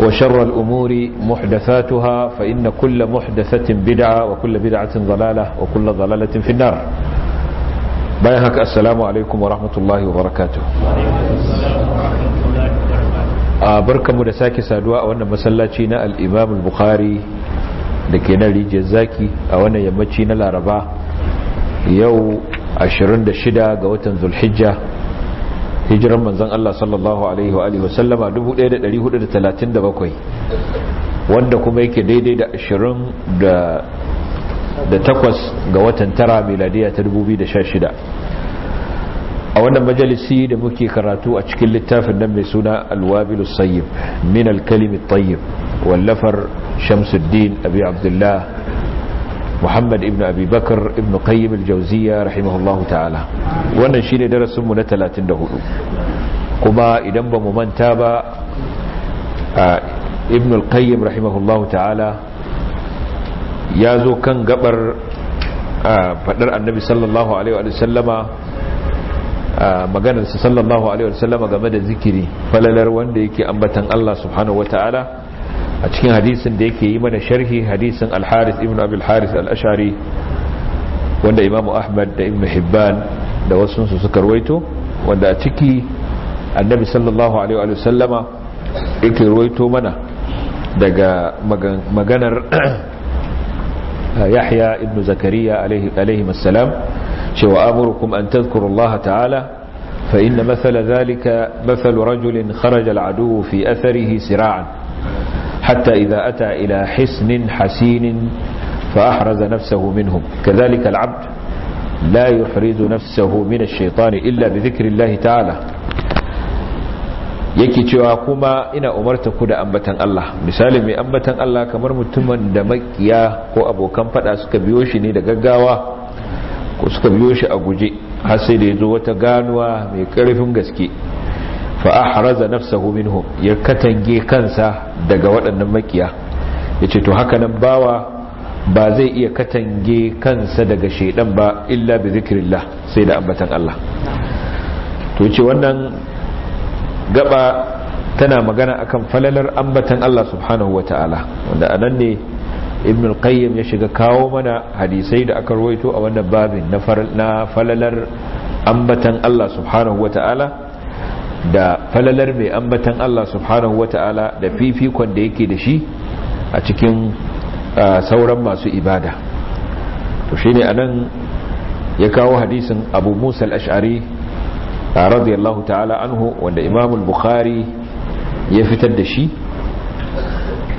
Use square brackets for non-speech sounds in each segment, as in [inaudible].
وشر الأمور محدثاتها فإن كل محدثة بدعة وكل بدعة ضلالة وكل ضلالة في النار بيهك السلام عليكم ورحمة الله وبركاته barkanmu da sake saduwa a wannan masallaci na al'imam al-bukhari da ke nan rijiyar zaki a wannan yammaci na laraba yau shida ga watan zulhijja hijiran manzan Allah sallallahu alaihi wa alihi wasallama 1437 wanda kuma yake daidai da 20 da takwas ga watan tara miladiya ta 2016 a wannan majalisi da muke karatu a cikin littafin nan mai suna alwabilu sayyib min alkalimi tayyib wallafar shamsuddin abi abdullah muhammad ibn abi bakar ibn qayyim al-jawziya rahimahullahu ta'ala wannan shine darasin mu na 34 kuma idan ba mu manta ba ibn al-qayyim rahimahullahu ta'ala ya zo kan gabar fadar annabi sallallahu alaihi wa sallama maganarsa sallallahu alaihi wa sallama game da zikiri falalar wanda yake ambatan Allah subhanahu wa ta'ala a cikin hadisin da yake yi mana sharhi hadisin al-haris ibn abil haris al-ashari wanda imamu ahmad da ibn hibban da wasu su suka ruwaito wanda a ciki annabi sallallahu alaihi wa sallama yake ruwaito mana daga maganar [clears throat] yahya ibn zakariya alaihi wassalam cewa amurukum an tadhkurullaha ta'ala fa inna mathala zalika mathalu rajulin kharaja al-aduwwu fi atharihi sira'an حتى إذا أتى إلى حسن حسين فأحرز نفسه منهم كذلك العبد لا يحرز نفسه من الشيطان إلا بذكر الله تعالى yake cewa kuma ina umarta ku da ambatan Allah misali mai ambatan Allah kamar mutumin da makiya ko abokan fada suka biyo shi ne da gaggawa ko suka biyo shi a guje har sai da ya zo wata ganuwa mai karfin gaske fa'ahraza nafsahu minhum ya katange kansa daga waɗannan makiya yace to haka nan bawa ba zai iya katange kansa daga shaidan ba illa bi zikrillah sai da ambatan Allah to yace wannan gaba tana magana akan falalar ambatan Allah subhanahu wataala wanda anan ne ibn al-qayyim ya shiga kawo mana hadisai da aka ruwaito a wannan babin na falalar ambatan Allah subhanahu wataala da falalar mai ambatan Allah subhanahu wata'ala da fifikon da yake da shi a cikin sauran masu ibada to ne anan ya kawo hadisin Abu Musa al-Ash'ari radiyallahu ta'ala anhu wanda Imam bukhari ya fitar da shi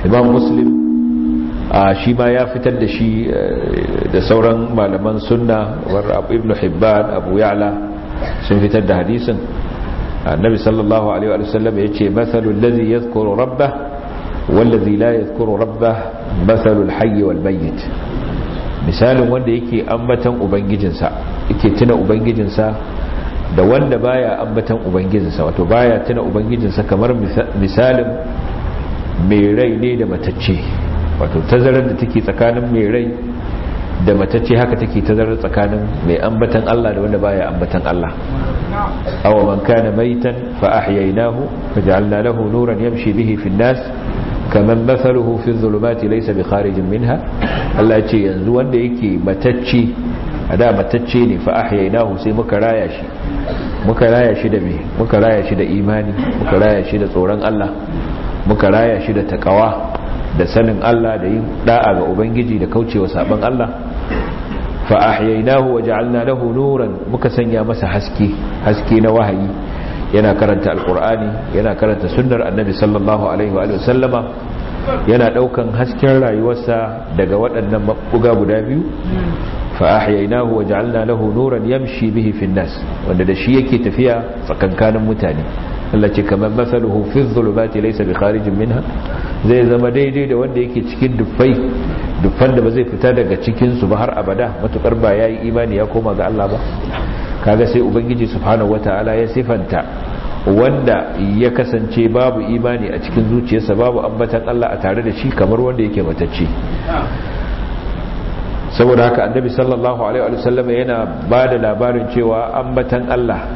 Imam Muslim shi ma ya fitar da shi e, da sauran malaman sunna war Ibn Hibban Abu Ya'la sun fitar da hadisin annabi sallallahu alaihi wa sallam yace mathalul ladhi yadhkuru rabbah wal ladhi la yadhkuru rabbah mathalul hayy wal mayyit misalin wanda yake ambatan ubangijinsa yake tuna ubangijinsa da wanda baya ambatan ubangijinsa wato baya tuna ubangijinsa kamar misalin mai rai ne da matacce wato tazarar da take tsakanin mai rai da matacce haka take tazarar tsakanin mai ambatan Allah da wanda baya ambatan Allah aw man kana maitan fa ahyaynahu faj'alna lahu nuran yamshi bihi fi an-nas kaman mathaluhu fi adh-dhulumati laysa bi kharijin minha Allah ya ce yanzu wanda yake matacce ada matacce ne fa ahyaynahu sai muka raya shi muka raya shi da me muka raya shi da imani muka raya shi da tsoron Allah muka raya shi da takawa da sanin Allah da yin da'a ga ubangiji da kaucewa saban Allah fa ahyaynahu wa ja'alna lahu nuran muka sanya masa haske haske na wahayi yana karanta alqur'ani yana karanta sunnar annabi sallallahu alaihi wa sallama yana daukan hasken rayuwarsa daga waɗannan mabuga guda biyu fa ahyaynahu wa ja'alna lahu nuran yamshi bihi fi nas wanda da shi yake tafiya tsakankanin mutane Allah ce kamar masaluhu fi dhulumati laysa bi kharijin minha zai zama daidai da wanda yake cikin dufai Duk da ba zai fita daga cikinsu ba har abada matukar ba ya yi imani ya koma ga Allah ba kaga sai ubangiji subhanahu wata'ala ya sifanta wanda ya kasance babu imani a cikin zuciyarsa babu ambatan Allah a tare da shi kamar wanda yake matacce saboda haka annabi sallallahu alaihi wa sallam yana ba da labarin cewa ambatan Allah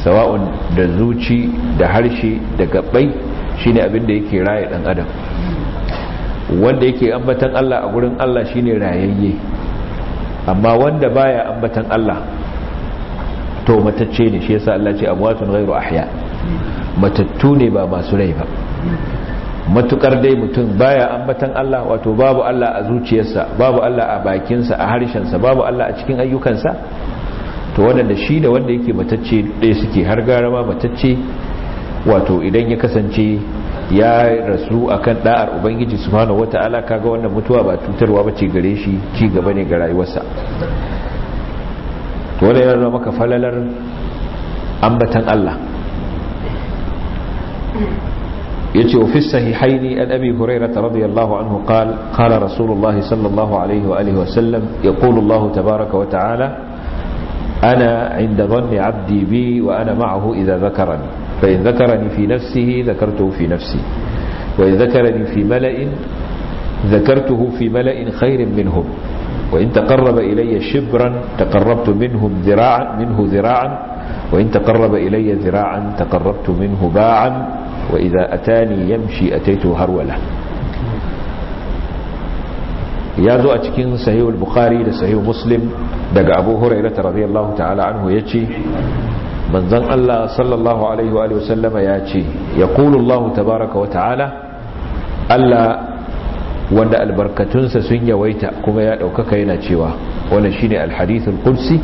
sawa'un da zuci da harshe da gabbai shine abin da yake raye dan adam wanda yake ambatan Allah a gurin Allah shine rayayye amma wanda baya ambatan Allah to matacce ne shi yasa Allah ce amwatun ghayru ahya matattu ne ba masu rai ba matukar dai mutum baya ambatan Allah wato babu Allah a zuciyarsa babu Allah a bakinsa a harshen sa babu Allah a cikin ayyukansa to da shi da wanda yake matacce ɗaya suke har gara matacce wato idan ya kasance ya rasu akan da'ar ubangiji subhanahu wata'ala kaga wannan mutuwa ba cutarwa ba ce gare shi ci gaba ne ga rayuwarsa to wannan yana maka falalar ambatan Allah yace wa fi sahihaini an abi hurairah radiyallahu anhu qala qala rasulullahi sallallahu alaihi wa alihi wa sallam yaqulu Allah tabaaraka wa ta'ala ana 'inda dhanni 'abdi bi wa ana ma'ahu idha dhakarani فإن ذكرني في نفسه ذكرته في نفسي وإن ذكرني في ملأ ذكرته في ملأ خير منهم وإن تقرب إلي شبرا تقربت منهم ذراعا منه ذراعا وإن تقرب إلي ذراعا تقربت منه باعا وإذا أتاني يمشي أتيته هرولة يا ذو a صحيح البخاري لصحيح مسلم دق أبو هريرة رضي الله تعالى عنه anhu manzon Allah sallallahu alaihi wa sallama ya ce yaqulu Allah tabaaraka wa ta'ala Allah wanda albarkatunsa sun yawaita kuma ya ɗaukaka yana cewa wannan shine alhadithul kursi.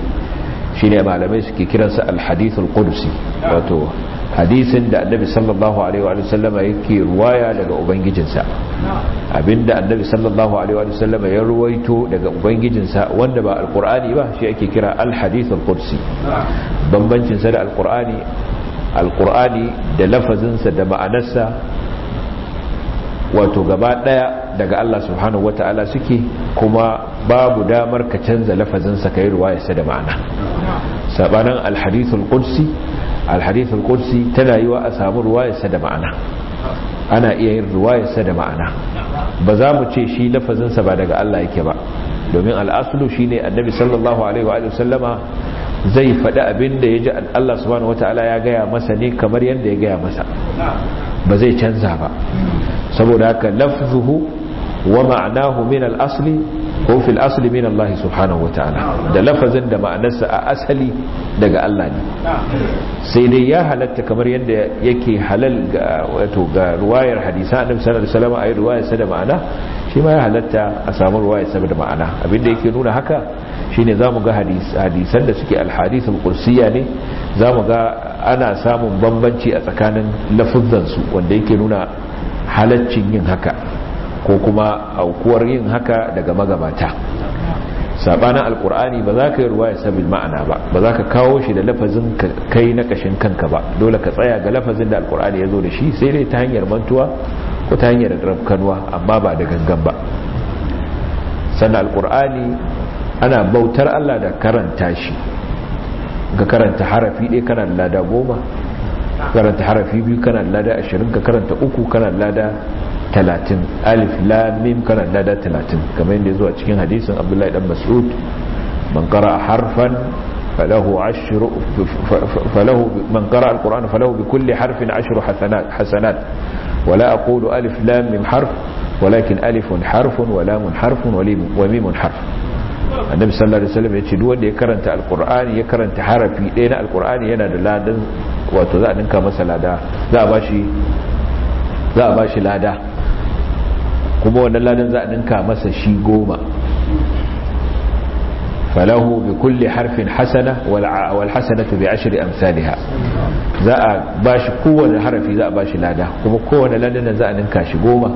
ne malamai suke kiransa al-hadithul qudusi wato hadisin da annabi sallallahu alaihi wa sallama yake ruwaya daga ubangijinsa abinda annabi sallallahu alaihi wa sallama ya ruwaito daga ubangijinsa wanda ba alqur'ani ba shi ake kira al-hadithul bambancin sa da alqur'ani alqur'ani da lafazinsa da ma'anarsa wato gaba daya daga Allah subhanahu wata'ala suke kuma babu damar ka canza lafazinsa ka yi sai da ma'ana sabanin alhadithul qudsi alhadithul qudsi tana yiwa a samu sai da ma'ana ana iya yin sai da ma'ana ba za mu ce shi lafazinsa ba daga Allah yake ba domin al'asulu shine annabi sallallahu alaihi wa sallama zai faɗi abin da ya ji Allah subhanahu wata'ala ya gaya masa ne kamar yadda ya gaya masa ba zai canza ba saboda haka lafzuhu wa ma'anahu min al-asli ko fil asli min Allah subhanahu wataala da lafazin da ma'anarsa a asali daga Allah ne sai dai ya halatta kamar yadda yake halal ga wato ga ruwayar hadisa annabi sallallahu salama a yi ruwayar sa da ma'ana shi ma ya halatta a samu ruwayar sa da ma'ana abinda yake nuna haka shine zamuga ga hadisan da suke al kursiya ne zamu ga ana samun bambanci a tsakanin lafuzzan su wanda yake nuna halaccin yin haka ko kuma aukuwar yin haka daga magabata sabanin alkur'ani ba za ka yi ruwa ya sabil ma'ana ba ba za ka kawo shi da lafazin kai na kashin kanka ba dole ka tsaya ga lafazin da alkur'ani ya zo da shi sai dai ta hanyar mantuwa ko ta hanyar rafkanuwa amma ba da gangan ba sannan alkur'ani ana bautar allah da karanta shi ga karanta harafi ɗaya kana da lada goma karanta harafi biyu kana lada 20 ka karanta uku kana lada 30 alif lam mim kana lada 30 kamar yadda zuwa cikin hadisin abdullahi dan mas'ud man qara harfan فله عشر falahu من قرأ القرآن فله بكل حرف عشر حسنات, حسنات ولا أقول ألف لام من حرف ولكن ألف حرف ولام حرف وميم حرف annabi sallallahu alaihi wasallam ya ce duk wanda ya karanta alqur'ani ya karanta harafi ɗaya na alqur'ani yana da ladan wato za a dinka masa lada za a bashi za a bashi lada kuma wannan ladan za a dinka masa shi goma falahu bi kulli harfin hasana wal hasanatu bi ashri amsalha za a bashi kowane harafi za a bashi lada kuma kowane ladan za a dinka shi goma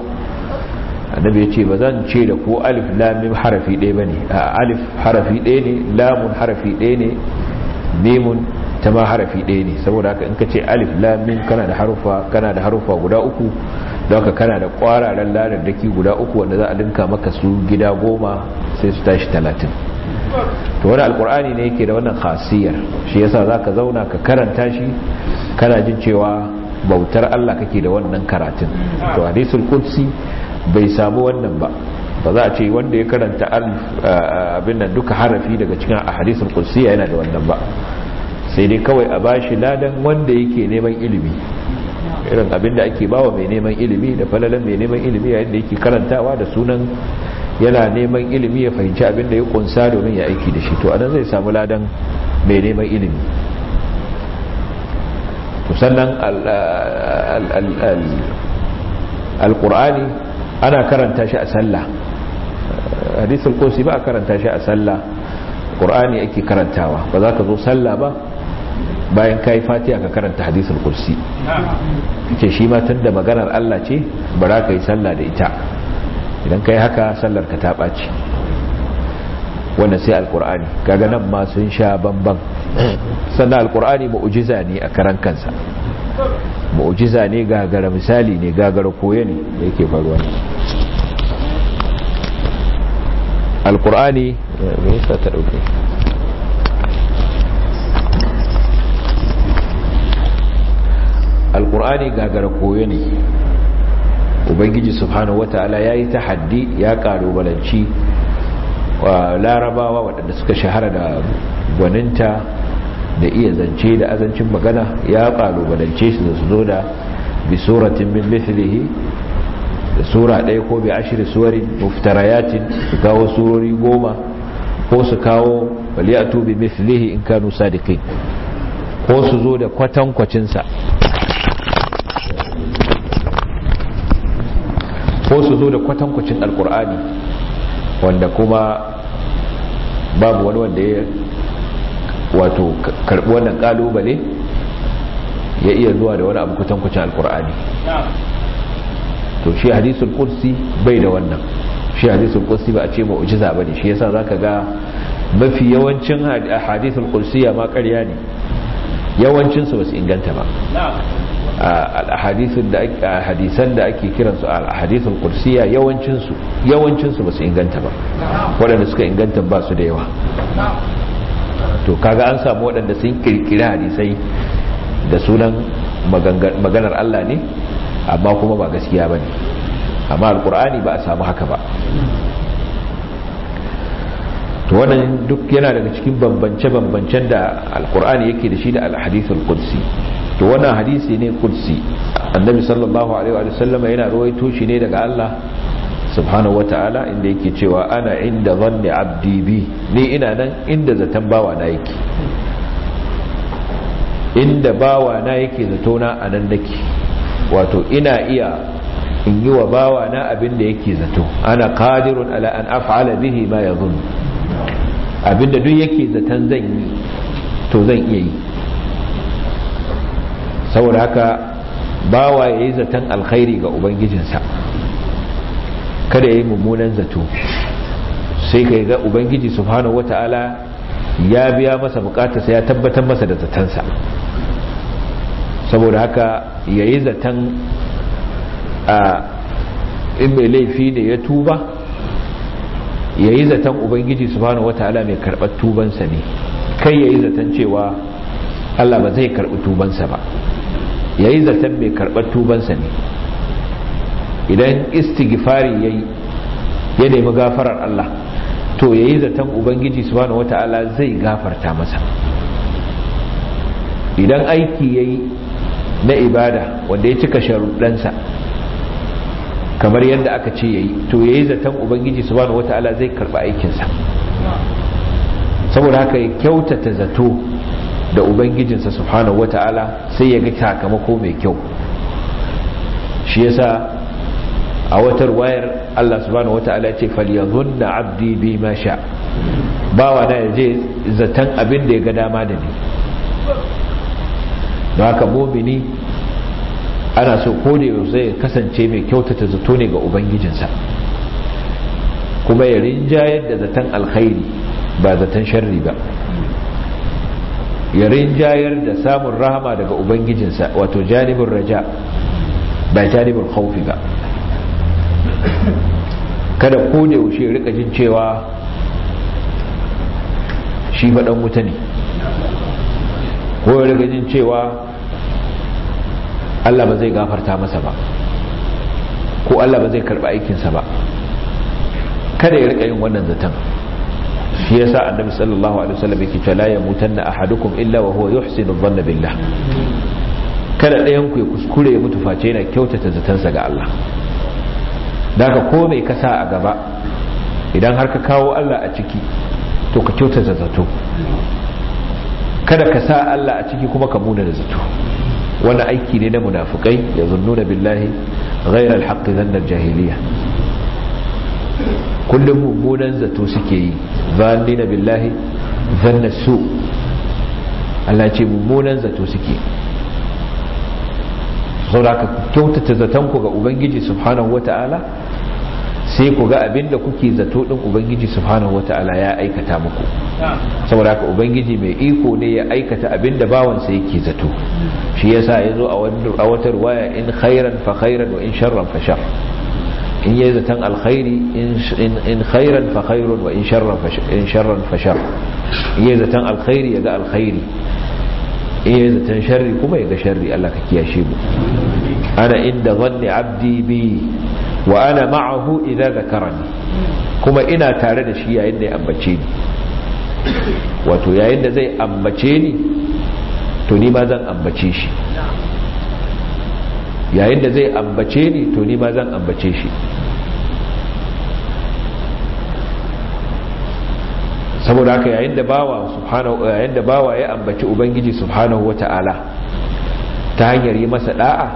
annabi ya ce ba zan ce da ko alif lamim harafi ɗaya ba ne a alif harafi ɗaya ne lamun harafi ɗaya ne nemun ta ma harafi ɗaya ne saboda haka in ka ce alif lamim kana da harufa kana da harufa guda uku don ka kana da ƙwararren ladardaki guda uku wanda za a dinka maka su gida goma sai su tashi talatin to wani alkur'ani ne yake da wannan khasiyar shi yasa za ka zauna ka karanta shi kana jin cewa bautar allah kake da wannan karatun to hadisul kursi bai samu wannan ba ba za a ce wanda ya karanta abin nan duka harafi daga cikin a hadisin kusiya yana da wannan ba sai dai kawai a bashi ladan wanda yake neman ilimi irin abin da ake bawa mai neman ilimi da falalan mai neman ilimi yayin da yake karantawa da sunan yana neman ilimi ya fahimci abin da ya kunsa domin ya aiki da shi to anan zai samu ladan mai neman ilimi to sannan al-qur'ani ana karanta shi a sallah hadisul qusi ba a karanta shi a sallah qur'ani ake karantawa ba za ka zo sallah ba bayan kai fatiha ka karanta hadisul kursi ce shi ma tunda maganar Allah ce bara ka yi sallah da ita idan kai haka sallar ka ta ɓaci wannan sai alkur'ani kaga nan ma sun sha bamban sannan alkur'ani mu'jiza ne a karan kansa mu'jiza ne gagara misali ne gagara koye ne da yake faruwa alqur'ani me yasa ta dauke alkur'ani gagara koye ne ubangiji subhanahu wata'ala ya yi tahaddi ya wa larabawa waɗanda suka shahara da gwaninta da iya zance da azancin magana ya kalubalance su da su zo da bi suratin min mithlihi da sura ɗaya ko bi ashiri suwari muftarayatin su kawo surori goma ko su kawo waliyatu bi mithlihi in kanu sadiqin ko su zo da kwatankwacinsa ko su zo da kwatankwacin alkur'ani wanda kuma babu wani wanda ya wato karbi wannan kalubale ya iya zuwa da wani abu kucin alkur'ani to shi hadisul kursi bai da wannan shi hadisul kursi ba a ce ba ne shi yasa ka ga mafi yawancin hadisul kursiya ma karya ne ba su inganta ba a hadisan da ake kiransu a hadisun kursiya yawancinsu su ba su inganta ba waɗanda suka inganta ba su da yawa to kaga an samu waɗanda sun kirkira hadisai da sunan maganar Allah ne amma kuma ba gaskiya ba ne amma alkur'ani ba a samu haka ba to wannan duk yana daga cikin bambance-bambancen da alkur'ani yake da shi da alhadithul qudsi to wannan hadisi ne kursi annabi sallallahu alaihi wa sallam yana rawaito shi ne daga Allah subhanahu wata'ala inda yake cewa ana inda zanni abdi bi ni ina nan inda zaton bawa na yake inda bawa na yake zatona a nan nake wato ina iya in yi wa bawa na abin da yake zato ana qadirun ala an af'ala bihi ma yadhun abinda duk yake zaton zan yi to zan iya yi saboda haka bawa yayi zaton alkhairi ga ubangijinsa kada ya yi mummunan zato sai kai ga ubangiji subhanahu wataala ya biya masa bukatarsa ya tabbatar masa da zatansa saboda haka yayi zaton a in mai laifi ne ya tuba yayi zaton ubangiji subhanahu wataala mai karɓar tubansa ne kai yayi zaton cewa Allah ba zai karɓi tubansa ba yayi zaton mai karɓar tubansa ne idan istighfari yayi ya nemi gafarar Allah to yayi zaton ubangiji subhanahu wataala zai gafarta masa idan aiki yayi na ibada wanda ya cika sharuɗansa kamar yadda aka ce yayi to yayi zaton ubangiji subhanahu wataala zai karba aikinsa saboda haka ya kyautata zato da ubangijinsa subhanahu wataala sai ya ga sakamako mai kyau shi yasa a wata ruwayar Allah subhanahu wata'ala ce falyadhunna abdi bi ma sha bawa na yaje zatan abin da ya ga dama da ni don haka mumini ana so ko da yaushe zai kasance mai kyautata zato ne ga ubangijinsa kuma ya rinjayar da zaton alkhairi ba zaton sharri ba ya rinjayar da samun rahama daga ubangijinsa wato janibin raja ba janibin khaufi ba kada ko da yaushe rika jin cewa shi faɗan wuta ne ko ya rika jin cewa Allah ba zai gafarta masa ba ko Allah ba zai karɓa aikinsa ba kada ya rika yin wannan zaton shi yasa annabi sallallahu alaihi wasallam yake cewa la yamutanna ahadukum illa wa huwa yuhsinu dhanna billah kada ɗayan ku ya kuskure ya mutu face yana kyautata zatansa ga Allah ka ko mai kasa a gaba idan har ka kawo Allah a ciki to ka kyauta da zato kada ka sa Allah a ciki kuma ka muna da zato wanda aiki ne na munafukai ya zunnuna billahi ghairal haqqi dhanna jahiliya kullum mummunan zato suke yi zannina billahi dhanna su Allah ce mummunan zato suke saboda ka kyautata zaton ku ga ubangiji subhanahu wata'ala sai ku ga abin da kuke zato ɗin ubangiji subhanahu wata'ala ya aikata muku saboda ubangiji mai iko ne ya aikata abin da bawansa yake zato shi yasa yazo a wata ruwaya in khairan fa khairan wa in sharran fa shar in yayi zaton alkhairi in khairan fa khairun wa in sharran fa in sharran fa shar yayi zaton alkhairi ya ga alkhairi iya zaton sharri kuma ya ga sharri Allah ka kiyashe mu ana inda zanni abdi bi wa ana ma'ahu idza zakarani kuma ina tare da shi yayin da ya ambace ni wato yayin da zai ambace ni to ni ma zan ambace shi yayin da zai ambace ni to ni ma zan ambace shi saboda haka yayin da bawa subhanahu yayin da bawa ya ambaci ubangiji subhanahu wata'ala ta hanyar yi masa da'a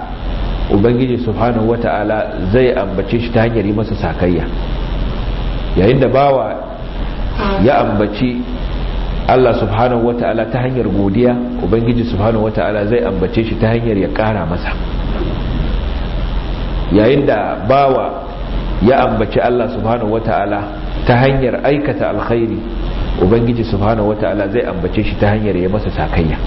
ubangiji subhanahu wata'ala zai ambace shi ta hanyar yi masa sakayya yayin da bawa ya ambaci Allah subhanahu wata'ala ta hanyar godiya ubangiji subhanahu wata'ala zai ambace shi ta hanyar ya kara masa yayin da bawa ya ambaci Allah subhanahu wata'ala ta hanyar aikata alkhairi ubangiji subhanahu wataala zai ambace shi ta hanyar ya masa sakayya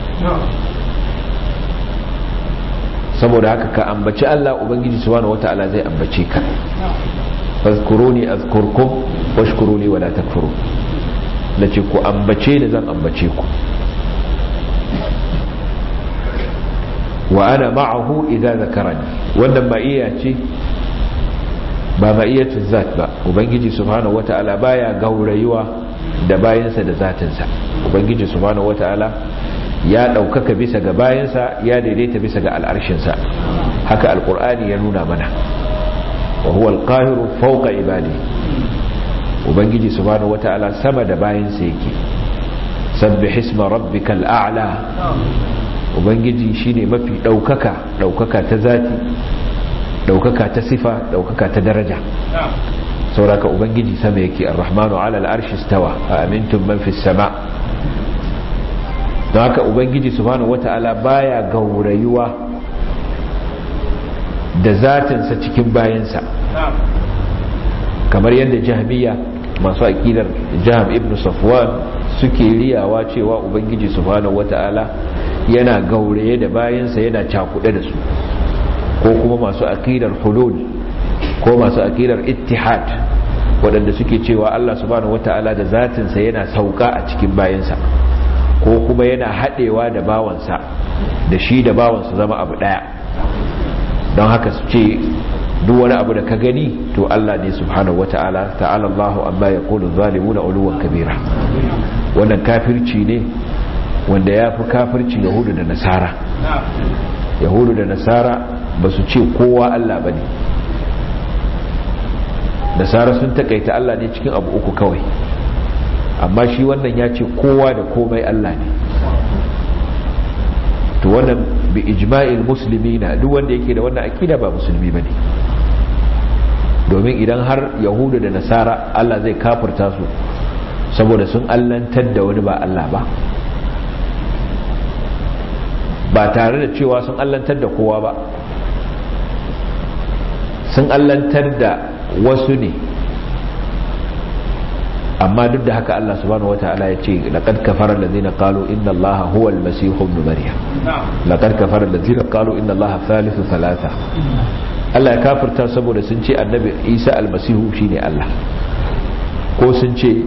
saboda haka ka ambaci Allah ubangiji subhanahu wataala zai ambace ka fazkuruni azkurkum washkuruni wala takfurun nace ku ambace da zan ambace ku wa ana ma'ahu idza zakarani wannan ba iya ce ba ma'iyatu zat ba ubangiji subhanahu wataala baya gaurayuwa da bayansa da zatinsa ubangiji subhanahu wata'ala ya ɗaukaka bisa ga bayansa ya daidaita bisa ga al'arshinsa haka alƙur'ani ya nuna mana wa huwa alqahiru fawqa ibadi ubangiji subhanahu wata'ala sama da bayansa yake sabbih isma rabbikal a'la ubangiji shine mafi ɗaukaka ɗaukaka ta zati ɗaukaka ta sifa ɗaukaka ta daraja sauraka ubangiji sama yake arrahmanu ala al'arshi stawa a amintun man fi sama don haka ubangiji subhanahu wata'ala baya gaurayuwa da zatansa cikin bayansa kamar yadda jahmiya masu aƙidar jaham ibn safwan suke riyawa cewa ubangiji subhanahu wata'ala yana gauraye da bayansa yana cakuɗe da su ko kuma masu aƙidar hulul ko masu aqidar ittihad waɗanda suke cewa Allah subhanahu wataala da sa yana sauka a cikin bayansa ko kuma yana haɗewa da bawansa da shi da bawansa zama abu ɗaya don haka su ce duk wani abu da ka gani to Allah ne subhanahu wataala ta'ala Allahu amma yaqulu zalimuna uluwan kabira wannan kafirci ne wanda ya fi kafirci yahudu da nasara yahudu da nasara ba su ce kowa Allah ba ne nasara sun takaita Allah ne cikin abu uku kawai amma shi wannan ya ce kowa da komai Allah ne to wannan bi ijma'il na duk wanda yake da wannan akida ba musulmi bane domin idan har yahudu da nasara Allah zai kafirta su saboda sun allantar da wani ba Allah ba ba tare da cewa sun allantar da kowa ba sun allantar da wasu ne amma duk da haka Allah subhanahu wataala ya ce laqad kafara allazina qalu inna allaha huwa al-masih ibn maryam laqad kafara allazina qalu inna allaha thalith thalatha Allah ya kafirta saboda sun ce annabi Isa almasihu shine Allah ko sun ce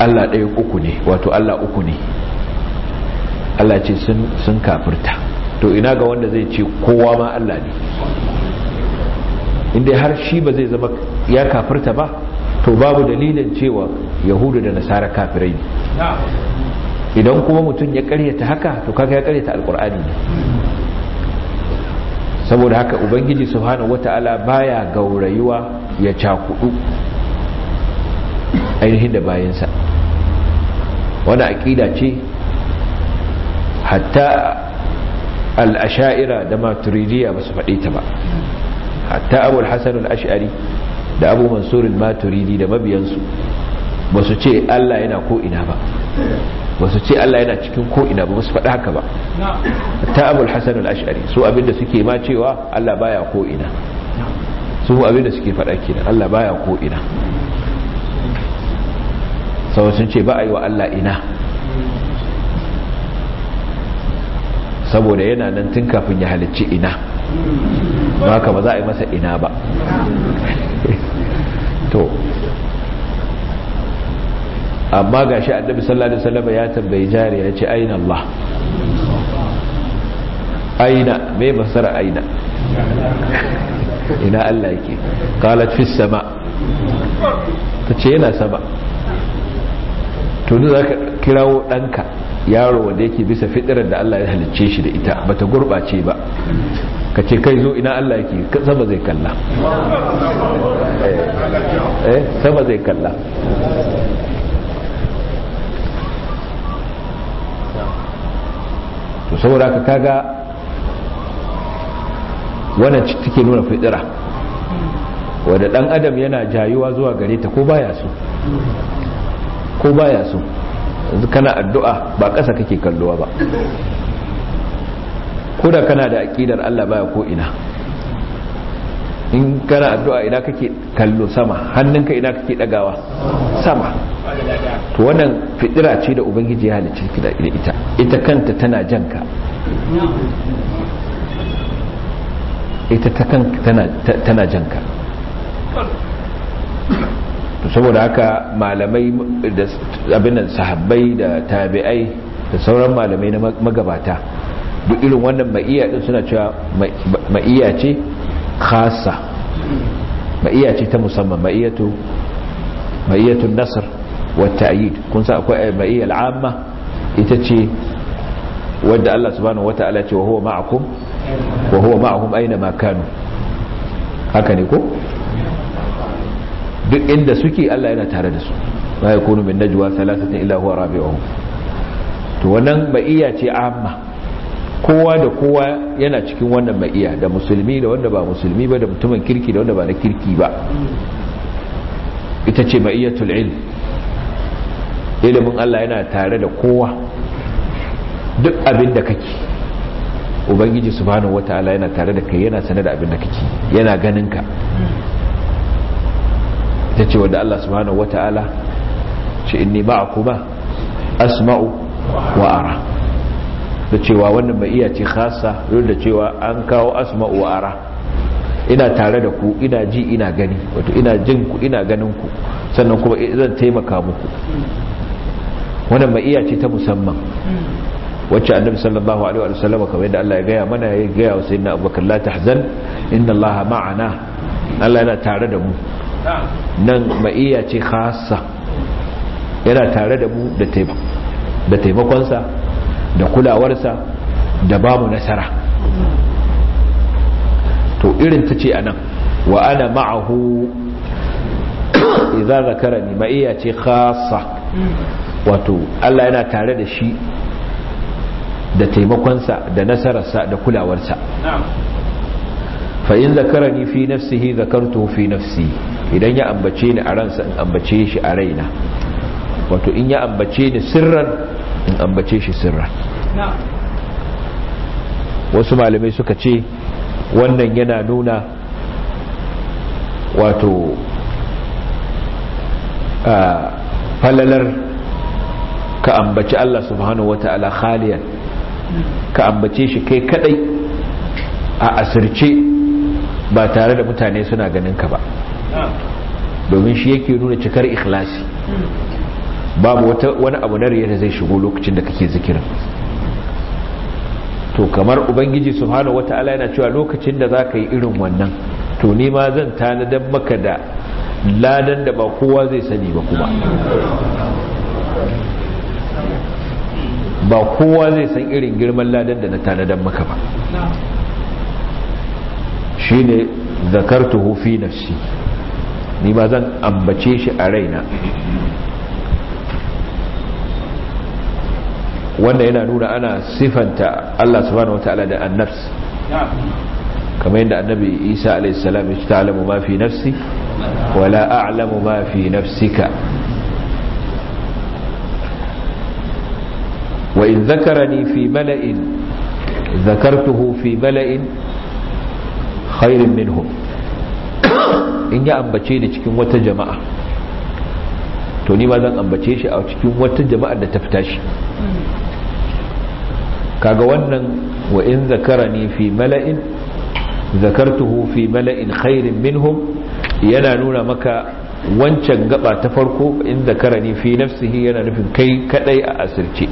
Allah ɗaya uku ne wato Allah uku ne Allah ce sun kafirta to ina ga wanda zai ce kowa ma Allah ne inda har shi ba zai zama ya kafirta ba to babu dalilin cewa yahudu da nasara kafirai ne idan kuma mutum ya karyata haka to kaka ya karyata alkur'ani ne saboda haka ubangiji subhanahu wata'ala baya gaurayuwa ya cakudu ainihin da bayansa wani aƙida ce hatta al'asha'ira da maturidiyya ba su faɗi ta ba hatta abul hasan al-ash'ari da abu mansur al-maturidi da mabiyansu ba su ce Allah yana ko ina ba ba su ce Allah yana cikin ko ina ba su faɗa haka ba hatta abul hasan al-ash'ari su abinda suke ma cewa Allah baya ko ina su abinda suke faɗa kenan Allah baya ko ina sau sun ce ba a yi wa Allah ina saboda yana nan tun kafin ya halicci ina ba ka ba za a yi masa ina ba to amma ga shi annabi sallallahu alaihi wasallam ya tambayi jari ya ce aina Allah aina me masara aina ina Allah yake qalat fis sama ta ce yana sama tuni za zaka kirawo danka yaro wanda yake bisa fitirar da Allah ya halicce shi da ita bata gurbace ba ka ce kai zo ina Allah yake saba zai kalla eh saba zai kalla to saboda ka kaga wanda take nuna fitira wanda dan adam yana jayuwa zuwa gare ta ko baya so ko baya so kana addu'a ba kasa kake kallowa ba ko da kana da aƙidar Allah baya ko ina in kana addu'a ina kake kallo sama hannunka ina kake dagawa sama to wannan fitira ce da ubangiji ya halice ki da ita ita kanta tana janka ita ta kanta tana tana janka to saboda haka malamai da abinan sahabbai da tabi'ai da sauran malamai na magabata duk irin wannan ma'iya din suna cewa ma'iya ce khassa ma'iya ce ta musamman ma'iyatu ma'iyatu nasr wa ta'yid kun sa akwai eh, ma'iya al'amma ita ce wadda Allah subhanahu wata'ala ce wa huwa ma'akum wa huwa ma'ahum aina ma kanu haka ne ko duk inda suke Allah yana tare da su ma kunu min najwa thalathatin illa huwa rabi'uhum to wannan ma'iya ce amma kowa da kowa yana cikin wannan ma'iya da musulmi da wanda ba musulmi ba da mutumin kirki da wanda ba na kirki ba ita ce ma'iyatul ilm ilimin Allah yana tare da kowa duk abin da kake ubangiji subhanahu wataala yana tare da kai yana sanar da abin da kake yana ganin ka ita ce wanda Allah subhanahu wataala ce inni kuma asma'u wa ara da cewa wannan mai iya ce khasa duk da cewa an kawo asma uwara ara ina tare da ku ina ji ina gani wato ina jin ku ina ganin ku sannan kuma zan taimaka muku wannan mai iya ce ta musamman wacce annabi sallallahu alaihi wa sallam kamar yadda Allah ya gaya mana ya gaya wa sayyidina Abubakar la tahzan inna Allah ma'ana Allah yana tare da mu nan iya ce khassa yana tare da mu da taimakon sa da kulawarsa da ba nasara to irin ta ce a nan wa ana ma'ahu idan zakara ne ma'iya ce khasa wato Allah yana tare da shi da taimakonsa da nasararsa da kulawarsa fa'in zakara ni fi nafsihi zakartu fi nafsi idan ya ambace ni a ransa in ambace shi a raina wato in ya ambace ni sirran in ambace shi sirra wasu malamai suka ce wannan yana nuna wato falalar ka ambaci Allah subhanahu wata'ala khaliyan ka ambace shi kai kadai a asirce ba tare da mutane suna ganin ka ba domin shi yake nuna cikar ikhlasi hmm. babu wani abu na riya da zai shigo lokacin da kake zikirin to kamar ubangiji subhanahu wata'ala yana cewa lokacin da za ka yi irin wannan to ni ma zan tanadan maka da ladan da ba kowa zai sani ba kuma ba kowa zai san irin girman ladan da na tanadan maka ba shi ne zakar tuhufi nafsi ni ma zan ambace shi a raina wanda yana nuna ana sifanta Allah subhanahu wataala da annafs kamar yadda annabi Isa alayhi salam ya ce ta'lamu ma fi nafsi wala a'lamu ma fi nafsika wa in dhakarani fi mala'in dhakartuhu fi mala'in khairin minhum in ya ambace ni cikin wata jama'a to ni ma zan ambace shi a cikin wata jama'ar da ta fita shi kaga wannan wa in zakarani fi mala'in zakartuhu fi mala'in khairin minhum yana nuna maka wancan gaba ta farko in zakarani fi nafsihi yana nufin kai kadai a asirce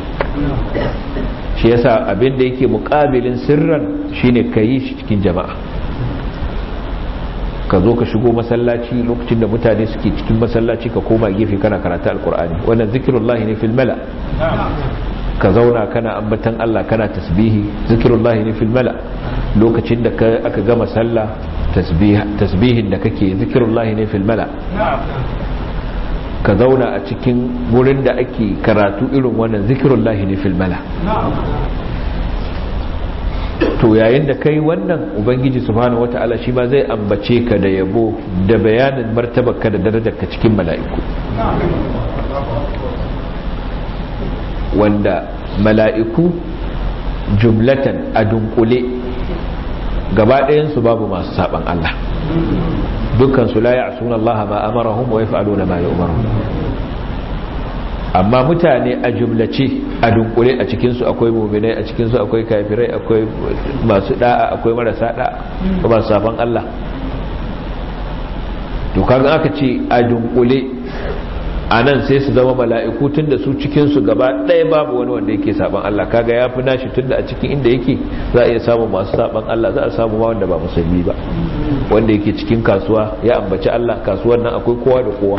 shi yasa abin da yake muƙabilin sirran shine kayi shi cikin jama'a ka zo ka shigo masallaci lokacin da mutane suke cikin masallaci ka koma gefe kana karatu alkur'ani wannan zikirullahi ne fil mala ka zauna kana ambatan Allah kana tasbihi zikirullahi ne fil mala lokacin da aka gama sallah tasbihin da kake zikirullahi ne fil mala ka zauna a cikin wurin da ake karatu irin wannan zikirullahi ne fil mala to yayin da kai wannan ubangiji subhanahu wataala shi ma zai ambace ka da yabo da bayanin martabarka da darajarka cikin mala'iku wanda mala'iku jumlatan a dunkule gabaɗayansu babu masu saban Allah dukansu la ya suna Allah ma amarahum wa yaf'aluna na ma ya amma mutane a jumlace a dunkule a cikinsu akwai muminai a cikinsu akwai kafirai akwai masu da'a akwai marasa da'a masu sabon Allah to kaga aka ce a dunkule a nan sai su zama mala'iku tun da su cikinsu gaba ɗaya babu wani wanda yake saban Allah kaga ya fi nashi tun da a cikin inda yake za a iya samun masu saban Allah za a samu ma wanda ba musulmi ba wanda yake cikin kasuwa ya ambaci Allah kasuwar nan akwai kowa da kowa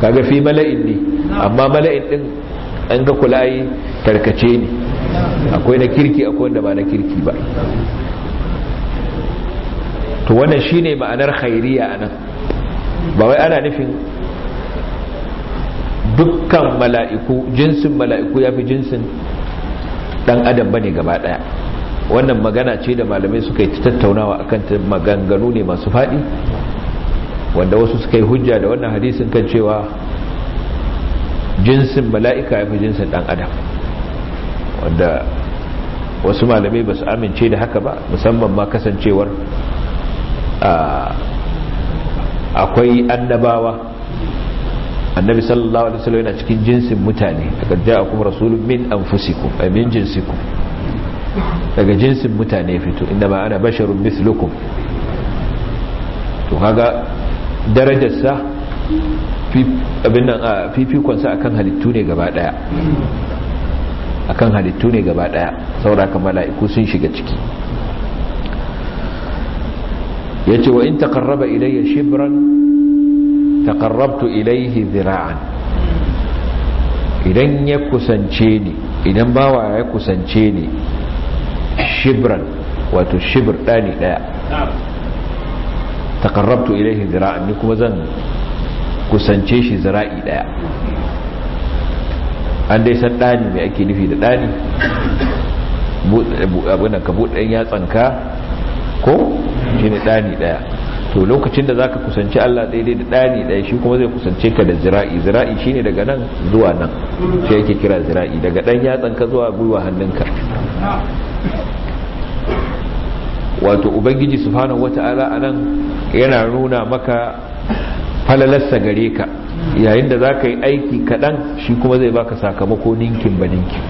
kaga fi mala'in ne amma mala'in ɗin an ga kula yi tarkace ne akwai na kirki akwai wanda ba na kirki ba to wannan shine ma'anar khairiya anan ba wai ana nufin dukkan mala'iku jinsin mala'iku ya fi jinsin dan adam bane gaba daya wannan magana ce da malamai suka yi tattaunawa akan maganganu ne masu faɗi wanda wasu suka yi hujja da wannan hadisin kan cewa jinsin mala'ika ya fi jinsin ɗan adam wanda wasu malamai ba su amince da haka ba musamman ma kasancewar akwai annabawa annabi sallallahu alaihi wasallam yana cikin jinsin mutane daga ja'akum rasulun min anfusikum ay min jinsikum daga jinsin mutane fito inda ma ana basharun mislukum to kaga darajarsa abin nan a fifikonsa akan halittu ne gaba daya akan halittu ne gaba daya sauraka mala'iku sun shiga ciki yace wa in taqarraba ilayya shibran taqarrabtu ilayhi dhira'an idan ya kusance ni idan bawa ya kusance ni shibran wato shibr dani daya taqarrabtu ilayhi dhira'an ni kuma zan kusance shi zira'i daya an dai san dani me ake nufi da dani abinan ka buɗe yatsanka ko shi ne ɗani ɗaya to lokacin da zaka kusanci Allah daidai da dani daya shi kuma zai kusance ka da zira'i zira'i shine daga nan zuwa nan shi yake kira zira'i daga dan yatsan ka zuwa gwiwa hannunka wato ubangiji subhanahu wata'ala anan yana nuna maka falalarsa gare ka yayin da zaka yi aiki kaɗan shi kuma zai baka sakamako ninkin ba ninkin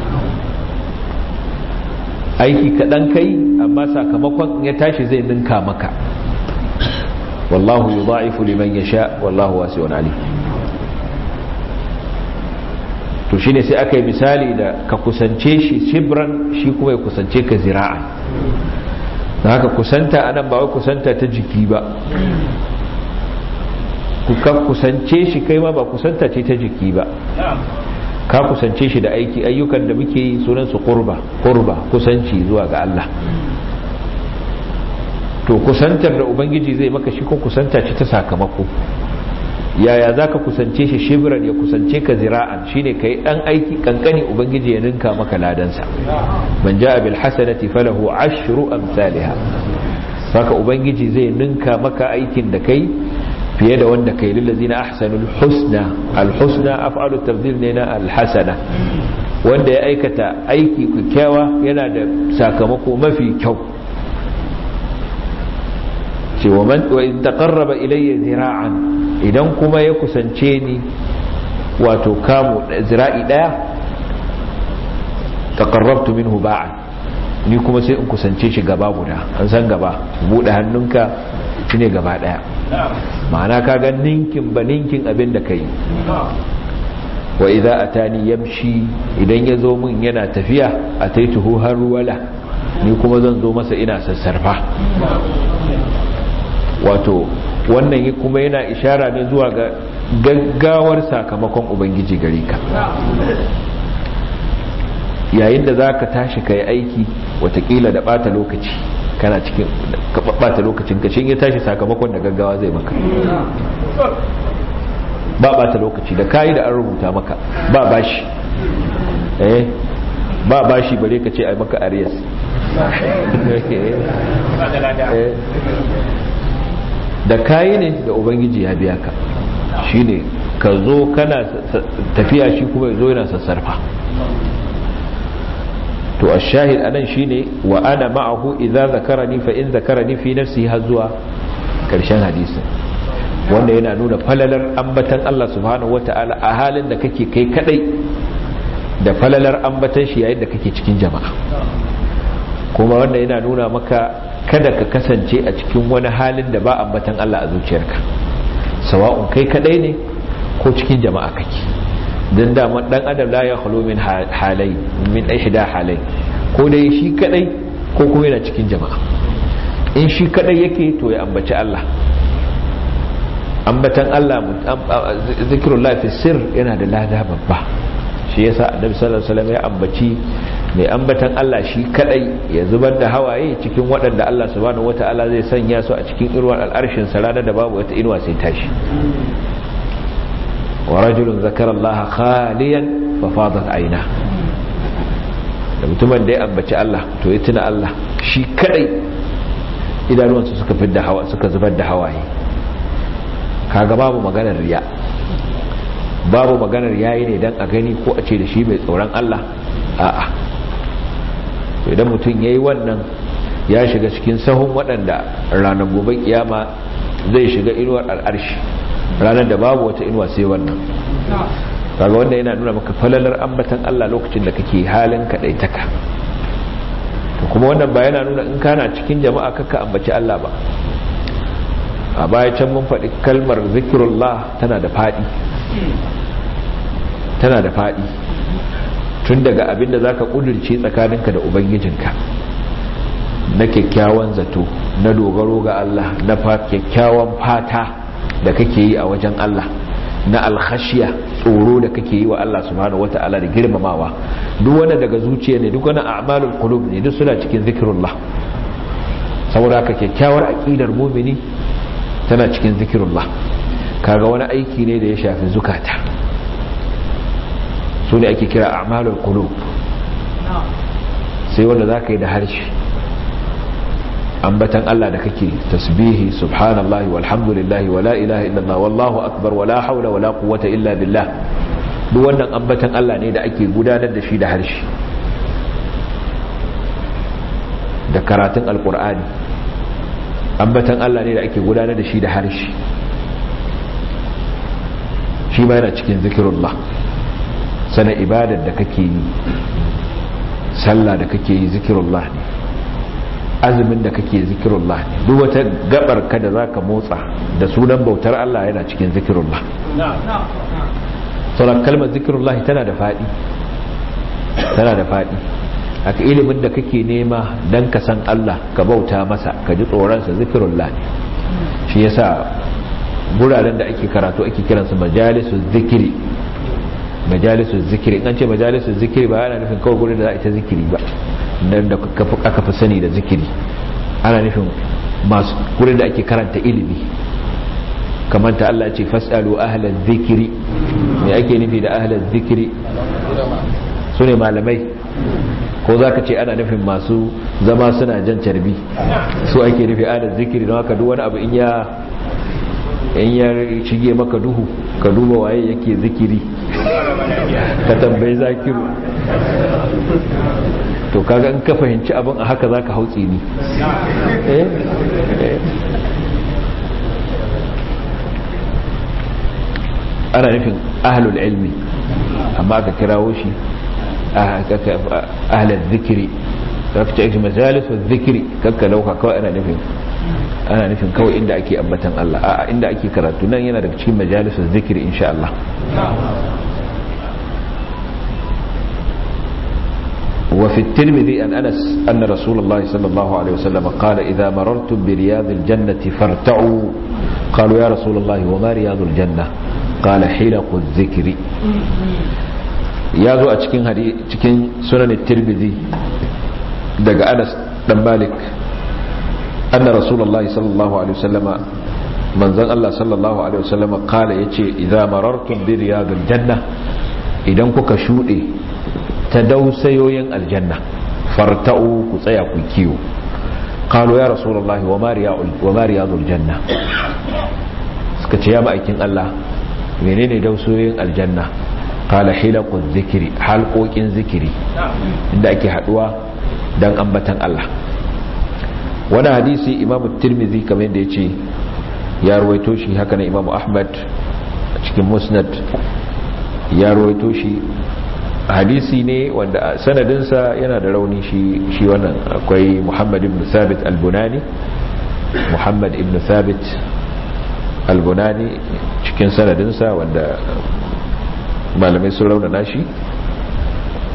aiki kadan kai amma sakamakon ya tashi zai ninka maka wallahu yudha'ifu liman yasha wallahu wasi'un alim to shine sai aka yi misali da ka kusance shi sibran shi kuma ya kusance ka zira'a da haka kusanta anan ba wai kusanta ta jiki ba ka kusance shi kai ma ba kusanta ce ta jiki ba ka kusance shi da aiki ayyukan da muke yi sunan su qurba qurba kusanci zuwa ga Allah to kusantar da ubangiji zai maka shi ko kusanta ci ta sakamako yaya za ka kusance shi shibiran ya kusance ka zira'an shi ne ka yi ɗan aiki kankani ubangiji ya ninka maka ladansa ban ja abil hasanati falahu ashru amsaliha saka ubangiji zai ninka maka aikin da kai fiye da wanda kai lillazina ahsanul husna alhusna af'alu tabdil ne na alhasana wanda ya aikata aiki kyakkyawa yana da sakamako mafi kyau ce wa man wa taqarraba ilayya zira'an idan kuma ya kusance ni wato kamo zira'i daya taqarrabtu minhu ba'an ni kuma sai in kusance shi gaba guda an san gaba bude hannunka shine gaba daya ma'ana ka ga ninkin ba ninkin abin da kai wa ta atani yamshi idan zo min yana tafiya a ataituhu har wala ni kuma zan zo masa ina sassarfa wato wannan yi kuma yana ishara ne zuwa ga gaggawar sakamakon ubangiji gare ka yayin da za ka tashi ka yi aiki watakila da bata lokaci kana cikin bata lokacin ka ya tashi sakamakon da gaggawa zai maka ba bata lokaci da kayi da an rubuta maka ba bashi eh ba bashi bare ka ce ai maka arias [laughs] eh. eh. da kayi ne da ubangiji ya biya ka ne ka zo kana tafiya shi kuma zo yana sassarfa to ashahid anan shine wa ana ma'ahu idza zakarani fa in zakarani na su yi zuwa karshen hadisi wanda yana nuna falalar ambatan Allah subhanahu Ta'ala a halin da kake kai kadai da falalar ambatan shi yayin da kake cikin jama'a kuma wanda yana nuna maka kada ka kasance a cikin wani halin da ba ambatan Allah a zuciyarka sawa'un kai kadai ne ko cikin jama'a kake dan da dan adam la ya khulu min halai min ihda halai ko dai shi kadai ko kuma yana cikin jama'a in shi kadai yake to ya ambaci Allah ambatan Allah zikrullah fi sir yana da lada babba shi yasa annabi sallallahu alaihi wasallam ya ambaci mai ambatan Allah shi kadai ya zubar da hawaye cikin waɗanda Allah subhanahu wata'ala zai sanya su a cikin irwan al'arshin sarada da babu wata inuwa sai tashi wa rajulun zakar Allah khaliyan fa fadat aina da mutumin da ya ambaci Allah to ya tuna Allah shi kadai idanuwansu suka fidda hawa suka zubar da hawaye kaga babu maganar riya babu maganar yayi ne dan a gani ko a ce da shi mai tsoron Allah a'a to idan mutum ya yi wannan ya shiga cikin sahun waɗanda ranar gobe kiyama zai shiga inuwar al'arshi ranar da babu wata inuwa sai wannan daga wanda yana nuna maka falalar ambatan Allah lokacin da kake halin kaɗai to kuma wannan ba yana nuna in kana cikin jama'a kakka ambaci Allah ba a baya can mun faɗi kalmar zikirullah tana tana da faɗi tun daga abin da za ka ƙudurce tsakaninka da ubangijinka na kyakkyawan zato na dogaro ga Allah na kyakkyawan fata da kake yi a wajen Allah na alhashiya tsoro da kake yi wa Allah subhanahu wata'ala da girmamawa duk wanda daga zuciya ne duk wani a'malul kulub ne duk suna cikin zikrullah saboda ka kyakkyawar aƙidar mu'mini tana cikin zikirullah kaga wani aiki ne da ya shafi zukata su ne ake kira amalar kulub sai wanda zaka yi da harshe ambatan Allah da kake tasbihi subhanallahi walhamdulillahi wala ilaha illallah wallahu akbar wala haula wala quwwata illa billah duk wannan ambatan Allah ne da ake gudanar da shi da harshe da karatun Alƙur'ani ambatan Allah ne da ake gudanar da shi da harshe shi ma yana cikin zikirullah sana ibadar da kake yi sallah da kake yi zikirullah ne azumin da kake zikirullah ne duk wata gabar ka da zaka motsa da sunan bautar Allah yana cikin zikirullah sauran kalmar zikirullah tana da faɗi tana da fadi. haka ilimin da kake nema don ka san Allah ka bauta masa ka ji tsoronsa zikirullah ne shi yasa guraren da ake karatu ake kiransu majalisun zikiri majalisun zikiri in an ce majalisun zikiri ba yana nufin kawai gudun da za a ita zikiri ba don da aka fi sani da zikiri ana nufin masu gudun da ake karanta ilimi kamar ta Allah ce fasalu ahalar zikiri mai ake nufi da ahalar zikiri su ne malamai ko za ka ce ana nufin masu zama suna jan carbi su ake nufi ahalar zikiri don haka duk wani abu in ya shige maka duhu ka duba waye yake zikiri ka tambayi zakiru to kaga in ka fahimci abin a haka za ka hautsi ni eh, eh. ana nufin ahalul ilmi amma ka kirawo shi ahalar zikiri ka fi cikin majalisar zikiri kakka lauka kawai ana nufin ana nufin kawai inda ake ambatan Allah a inda ake karatu nan yana daga cikin majalisar zikiri insha Allah وفي الترمذي أن أنس أن رسول الله صلى الله عليه وسلم قال إذا مررتم برياض الجنة فارتعوا قالوا يا رسول الله وما رياض الجنة قال حلق الذكر يازو أتكين هدي أتكين سنن الترمذي دق أنس بن مالك أن رسول الله صلى الله عليه وسلم من ذن الله صلى الله عليه وسلم قال يتي إذا مررتم برياض الجنة إذا كنت شوئي ta dausayoyin aljanna farta'u ku tsaya ku kiwo qalu ya rasulullahi wa Mariya wa janna suka ce ya ma'aikin Allah menene dausoyin aljanna qala hilaqu zikiri, halqoqin zikiri inda ake haduwa dan ambatan Allah wani hadisi imamu tirmidhi kamar yadda ya ce ya ruwaito shi haka na imam ahmad cikin musnad ya ruwaito shi hadisi ne wanda sanadinsa yana da rauni shi wannan akwai muhammad ibn thabit al-bunani muhammad ibn thabit al-bunani cikin sanadinsa wanda malamai sun rauna shi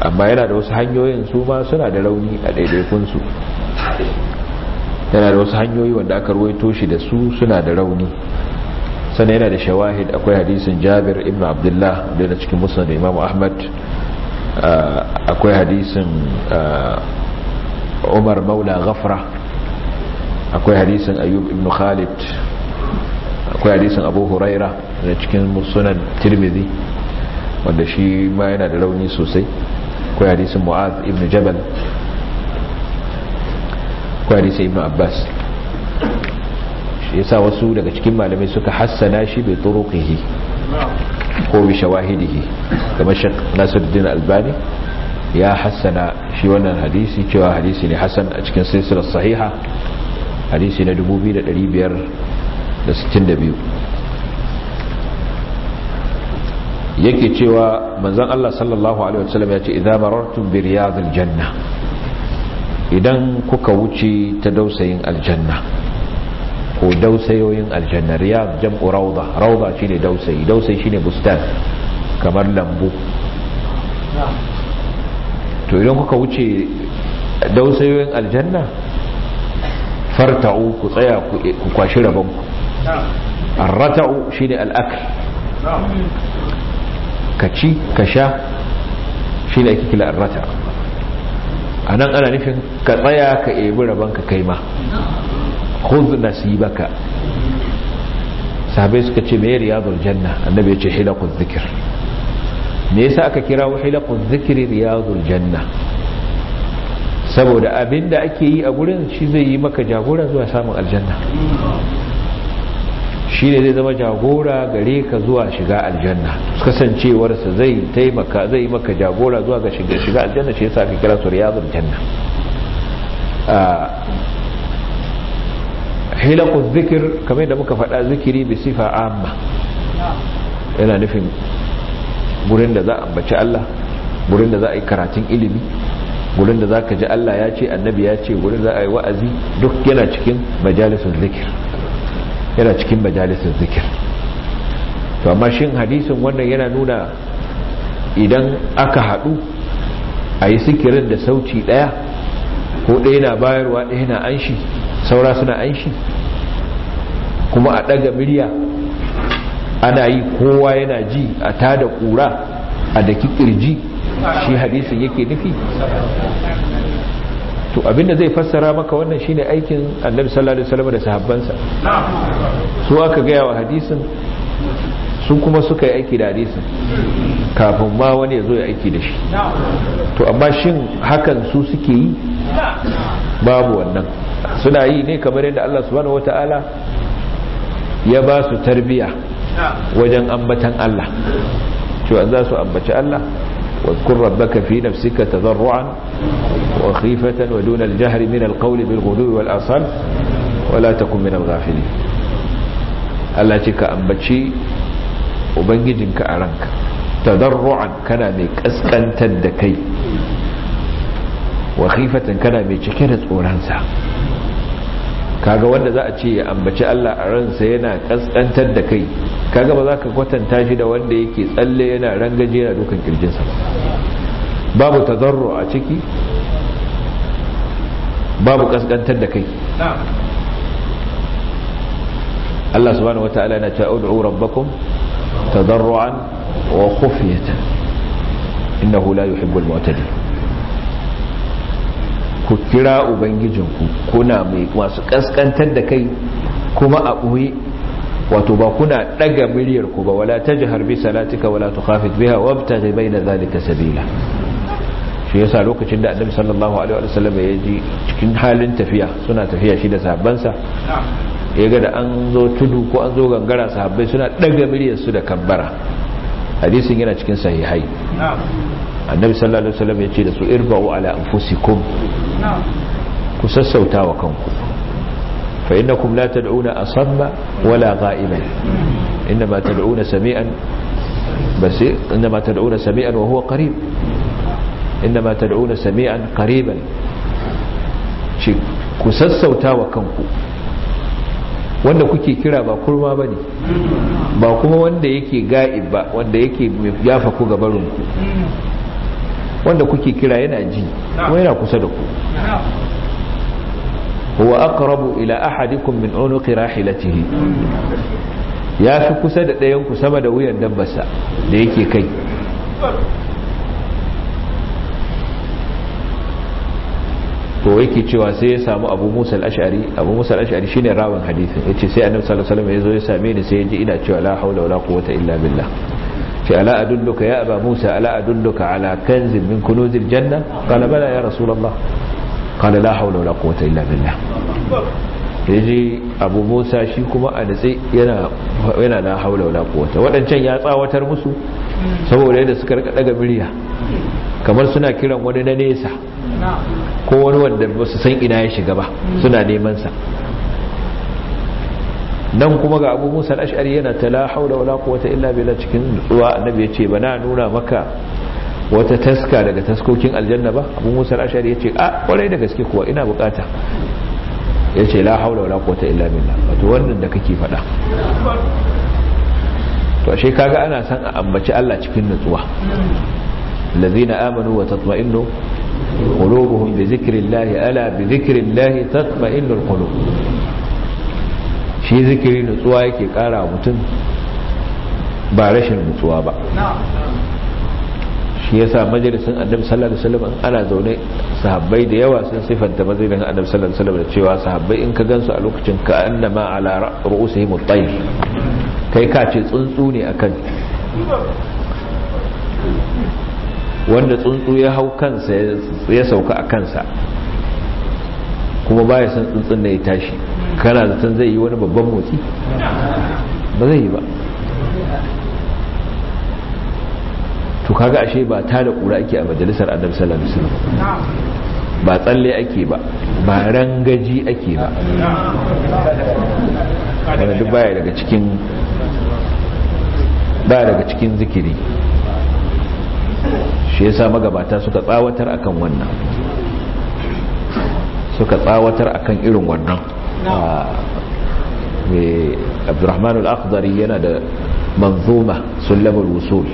amma yana da wasu hanyoyin su ma suna da rauni a daidaikunsu yana da wasu hanyoyi wanda aka ruwaito shi da su suna da rauni sannan yana da shawahid akwai hadisin jabir ibn abdullah da yana cikin musnad imam ahmad Eh, akwai hadisin eh, umar maula ghafra akwai hadisin ayyub ibn khalid akwai hadisin abu huraira da cikin sunan tirmidhi wanda shi ma yana da rauni sosai akwai hadisin mu'az ibn jabal akwai hadisin ibn abbas shi yasa wasu daga cikin malamai suka hassana shi bai turuƙi ko bi shawahidihi kamar shek nasiruddin albani ya hassana shi wannan hadisi cewa hadisi ne hassan a cikin silsilar sahiha hadisi na 2562 yake cewa manzon Allah sallallahu alaihi wasallam ya ce idza marartum bi janna idan kuka wuce ta dausayin aljanna ko dausayoyin aljannar ya jam'u rauda rauda shine dausayi dausayi shine bustan kamar lambu to idan kuka wuce dausayoyin aljanna farta'u ku tsaya ku kwashi rabonku shi ne al'akl ka ci ka sha shi ne ake kila a nan ana nufin ka tsaya ka ebi rabanka kai ma خذ nasibaka sahabbai suka ce me riyadul janna annabi ya ce hilaquz zikr me yasa aka kira wa hilaquz zikri riyadul janna saboda abinda ake yi a gurin shi zai yi maka jagora zuwa samun aljanna shi ne zai zama jagora gare ka zuwa shiga aljanna kasancewarsa zai taimaka zai yi maka jagora zuwa ga shiga aljanna shi yasa aka kira su riyadul janna hilaku zikir kamar da muka faɗa zikiri bi sifa amma yana nufin gurin da za a ambaci Allah gurin da za a yi karatun ilimi gurin da za ka ji Allah ya ce annabi ya ce gurin za a yi wa'azi duk yana cikin majalisun zikir yana cikin majalisun zikir to amma shin hadisin wannan yana nuna idan aka haɗu a yi sikirin da sauci ɗaya ko ɗaya na bayarwa ɗaya na anshi saura suna anshi kuma a ɗaga murya ana yi kowa yana ji a tada ƙura a daki ƙirji shi hadisin yake nufi to abinda zai fassara maka wannan shine aikin annabi sallallahu alaihi wasallam da sahabbansa su aka gaya wa hadisin su kuma suka yi aiki da hadisin kafin ma wani ya zo ya aiki da shi to amma shin hakan su suke yi babu wannan suna yi ne kamar yadda Allah subhanahu wataala ya ba su tarbiya ah. wajen ambatan Allah cewa za su ambaci Allah wadkun rabbaka fi nafsika tadarru'an wa khifatan wa duna al min al-qawl bil ghudu wal asal wa la takun min al Allah ce ka ambaci ubangijinka a ranka tadarru'an kana mai kaskantar da kai wa kana mai cike da tsoronsa. kaga wanda za a ce ya ambaci Allah a ransa yana kaskantar da kai kaga ba za ka kwatanta shi da wanda yake tsalle yana rangaje yana dukan kirjinsa babu tazarro a ciki babu kaskantar da kai Allah subhanahu wataala yana cewa ud'u rabbakum tadarruan wa khufyatan innahu la yuhibbul mu'tadin ku kira ubangijinku kuna mai masu kaskantar da kai kuma a ɓoye wato ba kuna ɗaga miliyar ku ba wala ta jihar bi salatika wala tu biha wabta bai na zalika sabila shi yasa lokacin da annabi sallallahu alaihi wa sallam ya ji cikin halin tafiya suna tafiya shi da sahabbansa ya ga da an zo tudu ko an zo gangara sahabbai suna ɗaga miliyar su da kambara hadisin yana cikin sahihai annabi sallallahu alaihi wasallam ya ce da su irba'u ala anfusikum ku sassauta wa kanku fa innakum la tad'una asamma wala gha'iban inma tad'una sami'an basir inma tad'una sami'an wa huwa qarib inma tad'una sami'an qariban shi ku sassauta wa kanku wanda kuke kira ba kurma ba ne ba kuma wanda yake ga'ib ba wanda yake yafa ku gabarinku wanda kuke kira yana ji kuma yana kusa da ku huwa aqrabu ila ahadikum min unuqi rahilatihi ya fi kusa da ɗayan ku sama da wuyan dabbarsa da yake kai to yake cewa sai ya samu abu musa ashari abu musa ashari shine rawan hadisin yace sai annabi sallallahu alaihi wasallam ya zo ya same ni sai ya ji ina cewa la haula wala quwwata illa billah ce ala adulluka ya aba musa ala adulluka ala kanzin min kunuzil janna qala bala ya rasulullah qala la hawla wala quwwata illa billah yaji abu musa shi kuma a nitsi yana yana la hawla wala quwwata wadancan ya tsawatar musu saboda yadda suka rika daga murya kamar suna kiran wani na nesa ko wani wanda ba su san ina ya shiga ba suna neman sa nan kuma ga abu musa al'ashari yana ta la haula wala quwwata illa billah cikin ruwa annabi ya ce bana nuna maka wata taska daga taskokin aljanna ba abu musa al'ashari ya ce a ah, kwarai da gaske kuwa ina bukata yace ce la haula wala quwwata illa billah wato wannan da kake faɗa to ashe kaga ana san a ambaci Allah cikin nutsuwa allazina amanu wa tatma'innu qulubuhum bi dhikrillah ala bi dhikrillah tatma'innul qulub shi zikiri nutsuwa yake kara mutum ba rashin nutsuwa ba shi yasa majalisun annabi sallallahu alaihi wasallam ana zaune sahabbai da yawa sun sifanta majalisin annabi sallallahu alaihi wasallam da cewa sahabbai in ka gansu a lokacin ka annama ala ru'usihim at-tayr kai ka ce tsuntsu ne akan wanda tsuntsu ya hau kansa ya sauka a kansa kuma baya san tsuntsun da ya tashi kana zaton zai yi wani babban motsi ba zai yi ba to kaga ashe ba ta da kura ake a majalisar annabi sallallahu alaihi ba tsalle ake ba ba rangaji ake ba wanda duk baya daga cikin baya daga cikin zikiri shi yasa magabata suka tsawatar akan wannan suka tsawatar akan irin wannan mai abdurrahman al-akhdari yana da manzuma sullabar wusul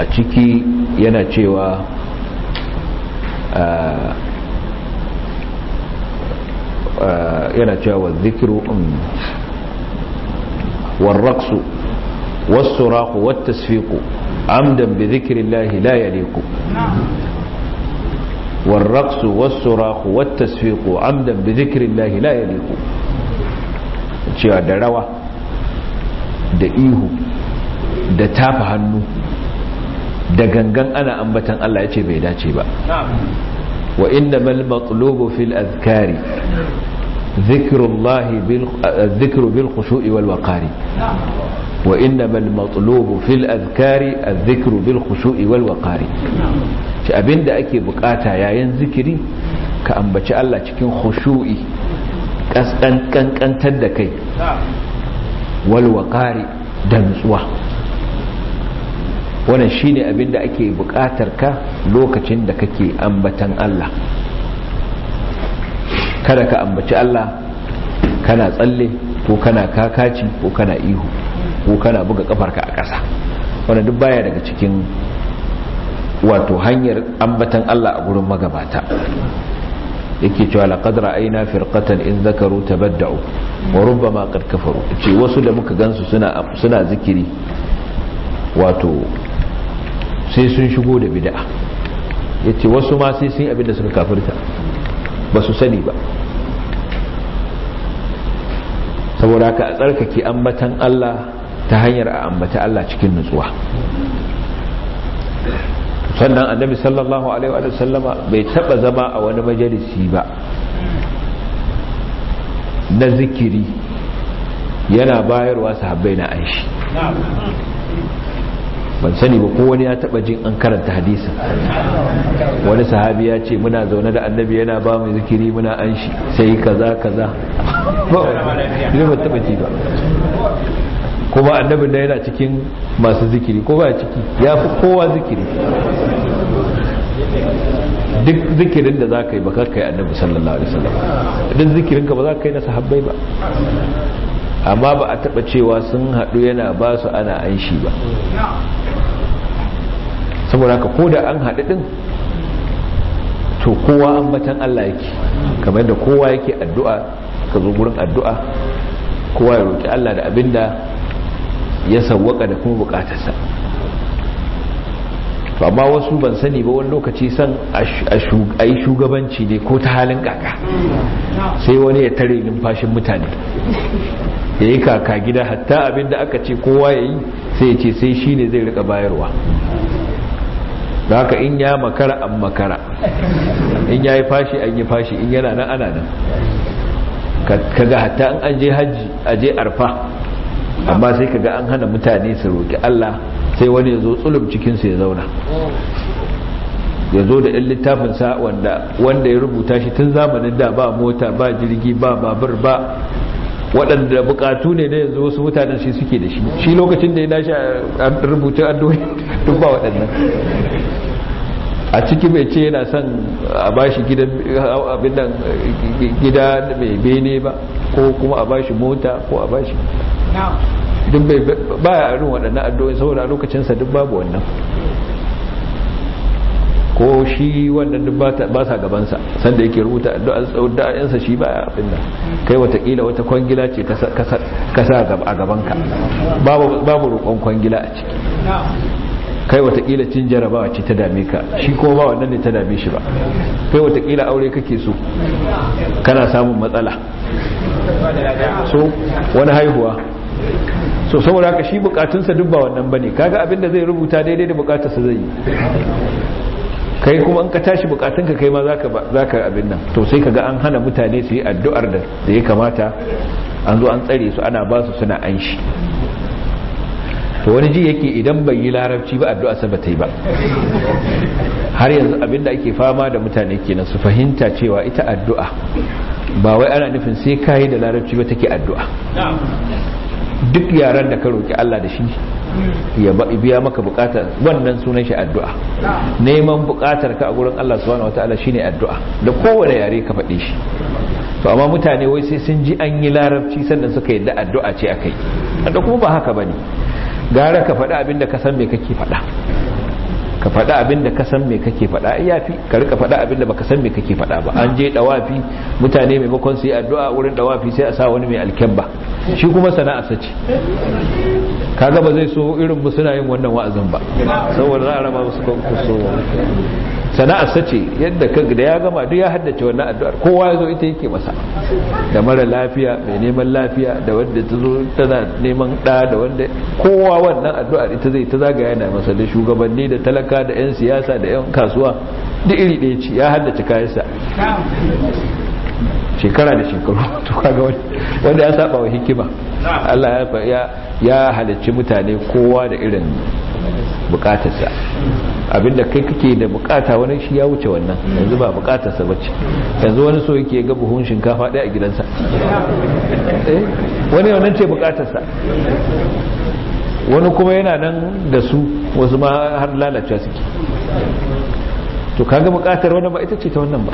a ciki yana cewa yana cewa wa zikiru والرقص والسراق والتسفيق عمدا بذكر الله la yaliku والرقص والصراخ والتصفيق عمدا بذكر الله لا يليق cewa da rawa da ihu da tafa hannu da gangan ana ambatan Allah ya ce bai dace ba wa inda malmatsulobo fil azkari zikiru bil khushu'i wal waqari wa inda malmatsulobo fil azkari zikiru bil khushu'i wal waqari abin da ake bukata yayin zikiri ka ambaci Allah cikin khushu'i kankantar da kai walwakari da nutsuwa wannan shine abinda ake buƙatar ka lokacin da kake ambatan Allah kada ka ambaci Allah kana tsalle ko kana kakaci ko kana ihu ko kana buga kafarka a ƙasa wannan duk baya daga cikin wato hanyar ambatan Allah a gurin magabata yake cewa laqad aina firqatan in zakaru tabadda'u wa rubbama qad kafaru ce wasu da muka gansu suna suna zikiri wato sai sun shigo da bid'a yace wasu ma sai sun abinda suka kafirta ba su sani ba saboda haka a tsarkake ambatan Allah ta hanyar a ambata Allah cikin nutsuwa sannan annabi sallallahu alaihi wa sallama bai taba zama a wani majalisi ba na zikiri yana bayarwa sahabbai na aishi ban sani ba ko wani ya taba jin an karanta hadisin wani sahabi ya ce muna zaune da annabi yana ba mu zikiri muna an shi sai kaza kaza ba wani ba taba ji ba kuma annabin da yana cikin masu zikiri ko ba ciki ya fi kowa zikiri duk zikirin da za ka yi ba ka kai annabi sallallahu alaihi wasallam duk zikirin ka ba za ka yi na sahabbai ba amma ba a taba cewa sun haɗu yana ba su ana an shi ba saboda ka ko da an haɗu din to kowa ambatan Allah yake kamar da kowa yake addu'a ka zo gurin addu'a kowa ya roki Allah da abinda ya sawwaka da kuma bukatarsa to amma wasu ban sani ba wani lokaci san a yi shugabanci ne ko ta halin kaka sai wani ya tare numfashin mutane ya yi kaka gida hatta abinda aka ce kowa ya yi sai ya ce sai shi ne zai rika bayarwa da haka in ya makara an makara in ya yi fashi an yi fashi in yana nan ana nan kaga hatta an je hajji a je arfa amma sai kaga an hana mutane su roki Allah sai wani ya zo tsulum cikin su ya zauna ya zo da yan littafin sa wanda ya rubuta shi tun zamanin da ba mota ba jirgi ba babur ba waɗanda bukatu ne da ya zo wasu mutanen shi suke da shi shi lokacin da ya dashi a rubuta addu'o'i [laughs] duk ba waɗannan a ciki bai ce yana son a bashi gida mai bene ba ko kuma a bashi mota ko a bashi ba ya irin waɗannan addu’o’i saboda lokacinsa duk babu wannan ko shi wannan duk ba sa gabansa sanda yake rubuta addu'ansa shi ba ya abin nan kai watakila wata kwangila ce ka sa a gabanka babu roƙon kwangila a ciki kai watakila cin jarabawa ce ta dame ka shi kuma ba wannan ne ta dame shi ba kai watakila aure kake so kana samun matsala so wani haihuwa so saboda haka shi bukatunsa duk ba wannan bane kaga abinda zai rubuta daidai da bukatarsa zai yi kai kuma an ka tashi bukatunka kai ma zaka zaka abin nan to sai kaga an hana mutane su yi addu'ar da da ya kamata an zo an tsare su ana ba su suna an shi to wani ji yake idan bai yi larabci ba addu'a sa bata yi ba har yanzu abin da ake fama da mutane kenan su fahimta cewa ita addu'a ba wai ana nufin sai kai da larabci ba take addu'a duk yaran da ka roki Allah da shi ya biya maka bukatar wannan sunan shi addu'a neman bukatar ka a gurin Allah subhanahu wataala shine addu'a da kowane yare ka faɗe shi to amma mutane wai sai sun ji an yi larabci sannan suka yadda addu'a ce akai da kuma ba haka bane gara ka faɗi abinda ka san me kake faɗa ka faɗa abin da ka san me kake faɗa ya fi ka rika faɗa abin da baka san me kake faɗa ba an je dawafi mutane maimakon su yi addu'a wurin dawafi sai a sa wani mai alkyabba shi kuma sana'a sace kaga ba zai so irin mu suna yin wannan wa'azin ba saboda za a raba musu kanku so sana'ar sace yadda ka da ya gama duk ya haddace wannan addu'ar kowa ya zo ita yake masa da mara lafiya mai neman lafiya da wanda ta zo tana neman ɗa da wanda kowa wannan addu'ar ita zai ta zagaya yana masa da shugabanni da talaka da 'yan siyasa da 'yan kasuwa duk iri ɗaya ce ya haddace kayansa shekara da shekaru [laughs] to kaga wanda ya saba wa hikima Allah ya halicci mutane kowa da irin bukatarsa abinda kai kake da bukata wani shi ya wuce wannan yanzu ba bukatarsa ce yanzu wani so yake ga buhun shinkafa ɗaya a gidansa eh, wani wannan ce bukatarsa wani kuma yana nan da su wasu ma har lalacewa suke to kaga bukatar wannan ba ita ce ta wannan ba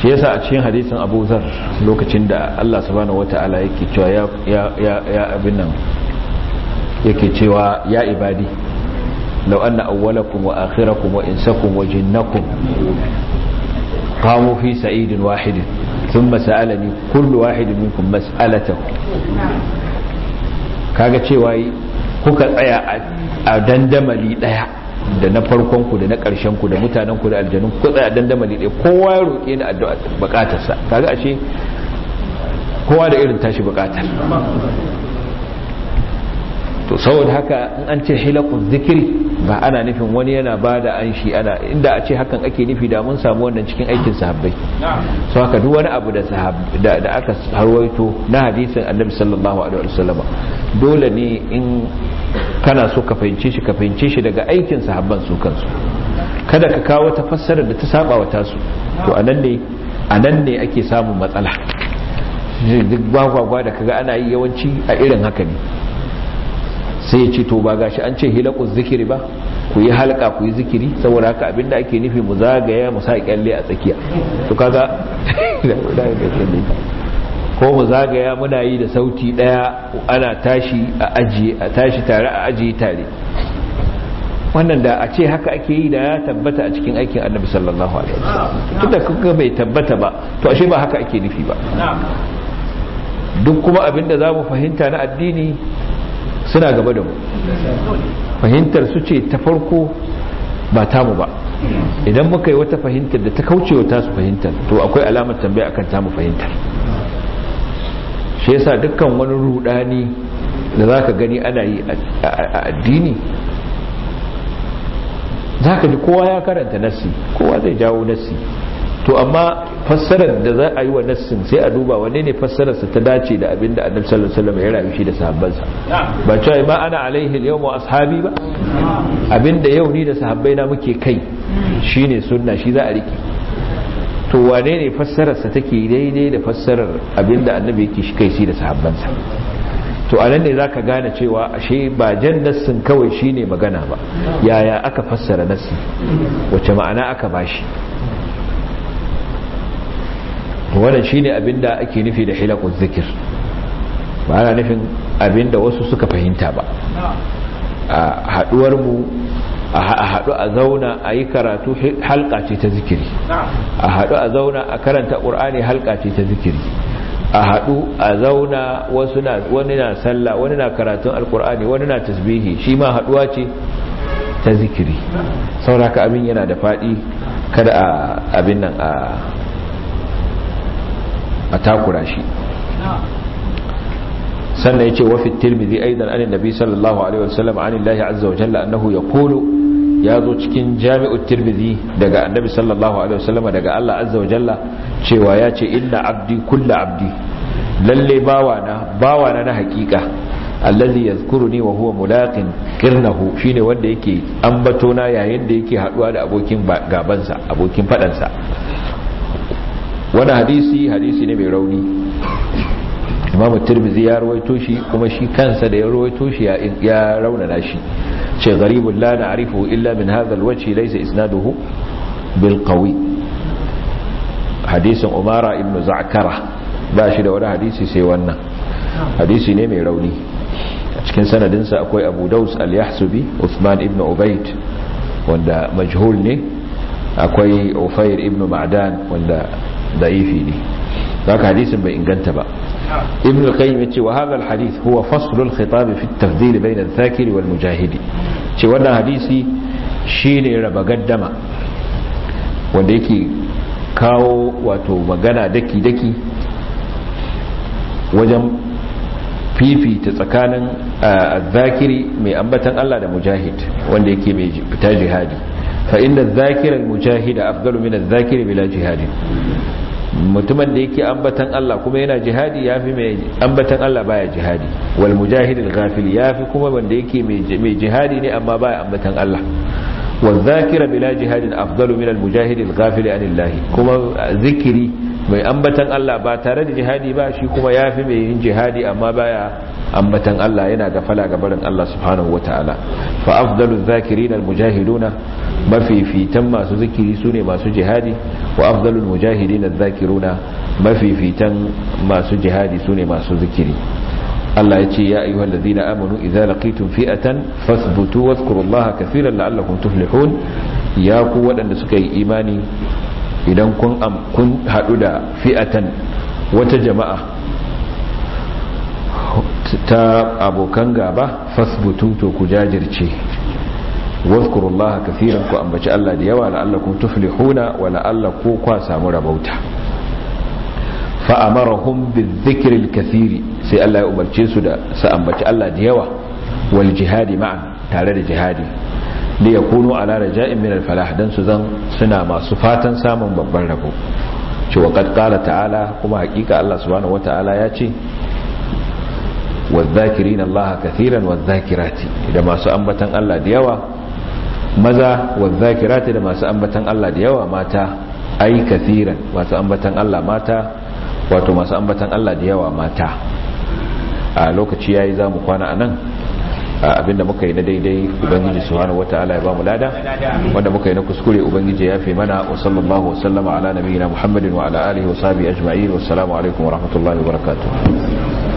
shi yasa a cikin hadisin Abu Zar lokacin da Allah subhanahu wataala yake cewa ya ya ya abin nan yake cewa ya ibadi law anna awwalakum wa akhirakum wa insakum wa jinnakum qamu fi sa'idin wahidin thumma sa'alani kullu wahidin minkum mas'alatahu kaga cewa kuka tsaya a dandamali daya da na farkon ku da na karshen ku da mutanen ku da aljanun ku tsaya dandamali ɗaya kowa ya roke ni addu'a bukatarsa kaga ashe kowa da irin tashi bukatar to saboda haka in an ce hilakun zikiri ba ana nufin wani yana ba da an shi ana inda a ce hakan ake nufi da mun samu wannan cikin aikin sahabbai so haka duk wani abu da da aka harwaito na hadisin annabi sallallahu alaihi wasallam dole ne in kana so ka fahimce shi ka fahimce shi daga aikin sahabban su kansu kada ka kawo wata fassara da ta saba wa tasu to anan ne anan ne ake samun matsala duk gwagwagwa da kaga ana yi yawanci a irin haka ne sai ya ce to ba gashi an ce hilaku zikiri ba ku yi halka ku yi zikiri saboda haka abinda ake nufi mu zagaya mu sa kyalle a tsakiya to kaga [laughs] ko mu zagaya muna yi da sauti daya ana tashi a aji a tashi tare a aji tare wannan da a ce haka ake yi da ya tabbata a cikin aikin annabi sallallahu alaihi wasallam tunda kuka bai tabbata ba to ashe ba haka ake nufi ba duk kuma abin da zamu fahimta na addini suna gaba da mu fahimtar su ce ta farko ba tamu ba idan muka yi wata fahimtar da ta kaucewa tasu fahimtar to akwai alamar tambaya akan tamu fahimtar shi yasa dukkan wani rudani da za ka gani ana yi a addini za ka ji kowa ya karanta nassi kowa zai jawo nassi to amma fassarar da za a yi wa nassin sai a duba wanne ne fassararsa ta dace da abin da annabi sallallahu alaihi wasallam ya rayu shi da sahabbansa ba cewa ma ana alaihi al ashabi ba abin da yau ni da sahabbai na muke kai shine sunna shi za a rike to wane ne fassararsa take daidai da fassarar abinda annabi yake shi kai da sahabbansa to nan ne zaka gane cewa ashe ba jan nassin kawai shine magana ba yaya aka fassara nassi wace ma'ana aka bashi wannan shine abinda ake nufi da hilaqul zikir ba ana nufin abinda wasu suka fahimta ba a haduwar mu a haɗu a zauna a yi karatu halka ce ta zikiri a haɗu a zauna a karanta ƙur'ani halka ce ta zikiri a haɗu a zauna wani na sallah wani na karatun alƙur'ani wani na tasbihi shi ma haɗuwa ce ta zikiri sauraka abin yana da faɗi kada a abin nan a takura shi sannan ya ce wafin tirmidhi aidan anin nabi sallallahu alaihi wasallam anin lahi azza wa jalla annahu ya ya zo cikin jami'ut tirmidhi daga annabi sallallahu alaihi wasallam daga Allah azza wa jalla cewa ya ce inna abdi kullu abdi lalle bawana bawana na hakika allazi yadhkuruni wa huwa mulaqin qirnahu shine wanda yake ambato na yayin da yake haduwa da abokin gabansa abokin fadansa wani hadisi hadisi ne mai rauni imamu tirmidhi ya rawaito shi kuma shi kansa da ya rawaito shi ya raunana shi ce gharibun la na'rifu illa min hadha alwajhi laysa isnaduhu bil hadisin umara ibn za'kara ba shi da wani hadisi sai wannan hadisi ne mai rauni a cikin sanadinsa akwai abu daus al-yahsubi usman ibn ubaid wanda majhul ne akwai ufair ibn ma'dan wanda da'ifi ne zaka hadisin bai inganta ba ibn al-qayyim yace wa hadha al-hadith huwa fasl al-khitab fi at-tafdhil bayna al-thakir wal mujahidi ce wannan hadisi shine raba gaddama wanda yake kawo wato magana daki daki wajen fifita tsakanin zakiri mai ambatan Allah da mujahid wanda yake mai fita jihadi fa inda zakirar mujahida afdalu min zakiri bila jihadi mutumin da yake ambatan Allah kuma yana jihadi yafi mai ambatan Allah baya jihadi wal mujahidil ghafil yafi kuma wanda yake mai jihadi ne amma baya ambatan Allah wal zakira bila jihadin afdalu min al mujahidil ghafil anillahi kuma zikiri mai ambatan Allah ba tare da jihadi ba shi kuma yafi mai yin jihadi amma baya ambatan Allah yana fala ga barin Allah subhanahu wataala fa afdalu dhakirin almujahiduna mafifitan masu zikiri sune masu jihadi wa afdalu almujahidin adh-dhakiruna mafifitan masu jihadi sune masu zikiri Allah ya ce ya ayyuhal ladina amanu idza laqitum fi'atan fathbutu wadhkurullaha kaseeran la'allakum tuflihun ya ku waɗanda suka yi imani idan kun kun hadu da fi'atan wata jama'a ta abokan gaba fasbutu to ku jajirce wazkurullaha kaseeran ku ambaci Allah da yawa la'allakum tuflihuna wa la'allakum kwa samu rabauta fa amarahum bizikri alkaseeri sai Allah ya umarce su da su ambaci Allah da yawa wal jihadi ma'an tare da jihadi da ya kuno ala raja'in min al-falah dan su zan suna masu fatan samun babban rabo cewa kad qala ta'ala kuma hakika Allah subhanahu wata'ala ya ce والذاكرين الله كثيرا والذاكرات إذا ما سأنبتن الله ديوا maza wadhakirati da masu ambatan Allah da yawa mata ai kathiran masu ambatan Allah mata wato masu ambatan Allah da yawa mata a lokaci yayi zamu kwana anan abinda muka yi na daidai ubangiji subhanahu wataala ya bamu lada wanda muka yi na kuskure ubangiji ya fi mana wa sallallahu wa sallama ala nabiyina muhammadin wa ala alihi wa sahbihi ajma'in wassalamu alaikum wa rahmatullahi wa barakatuh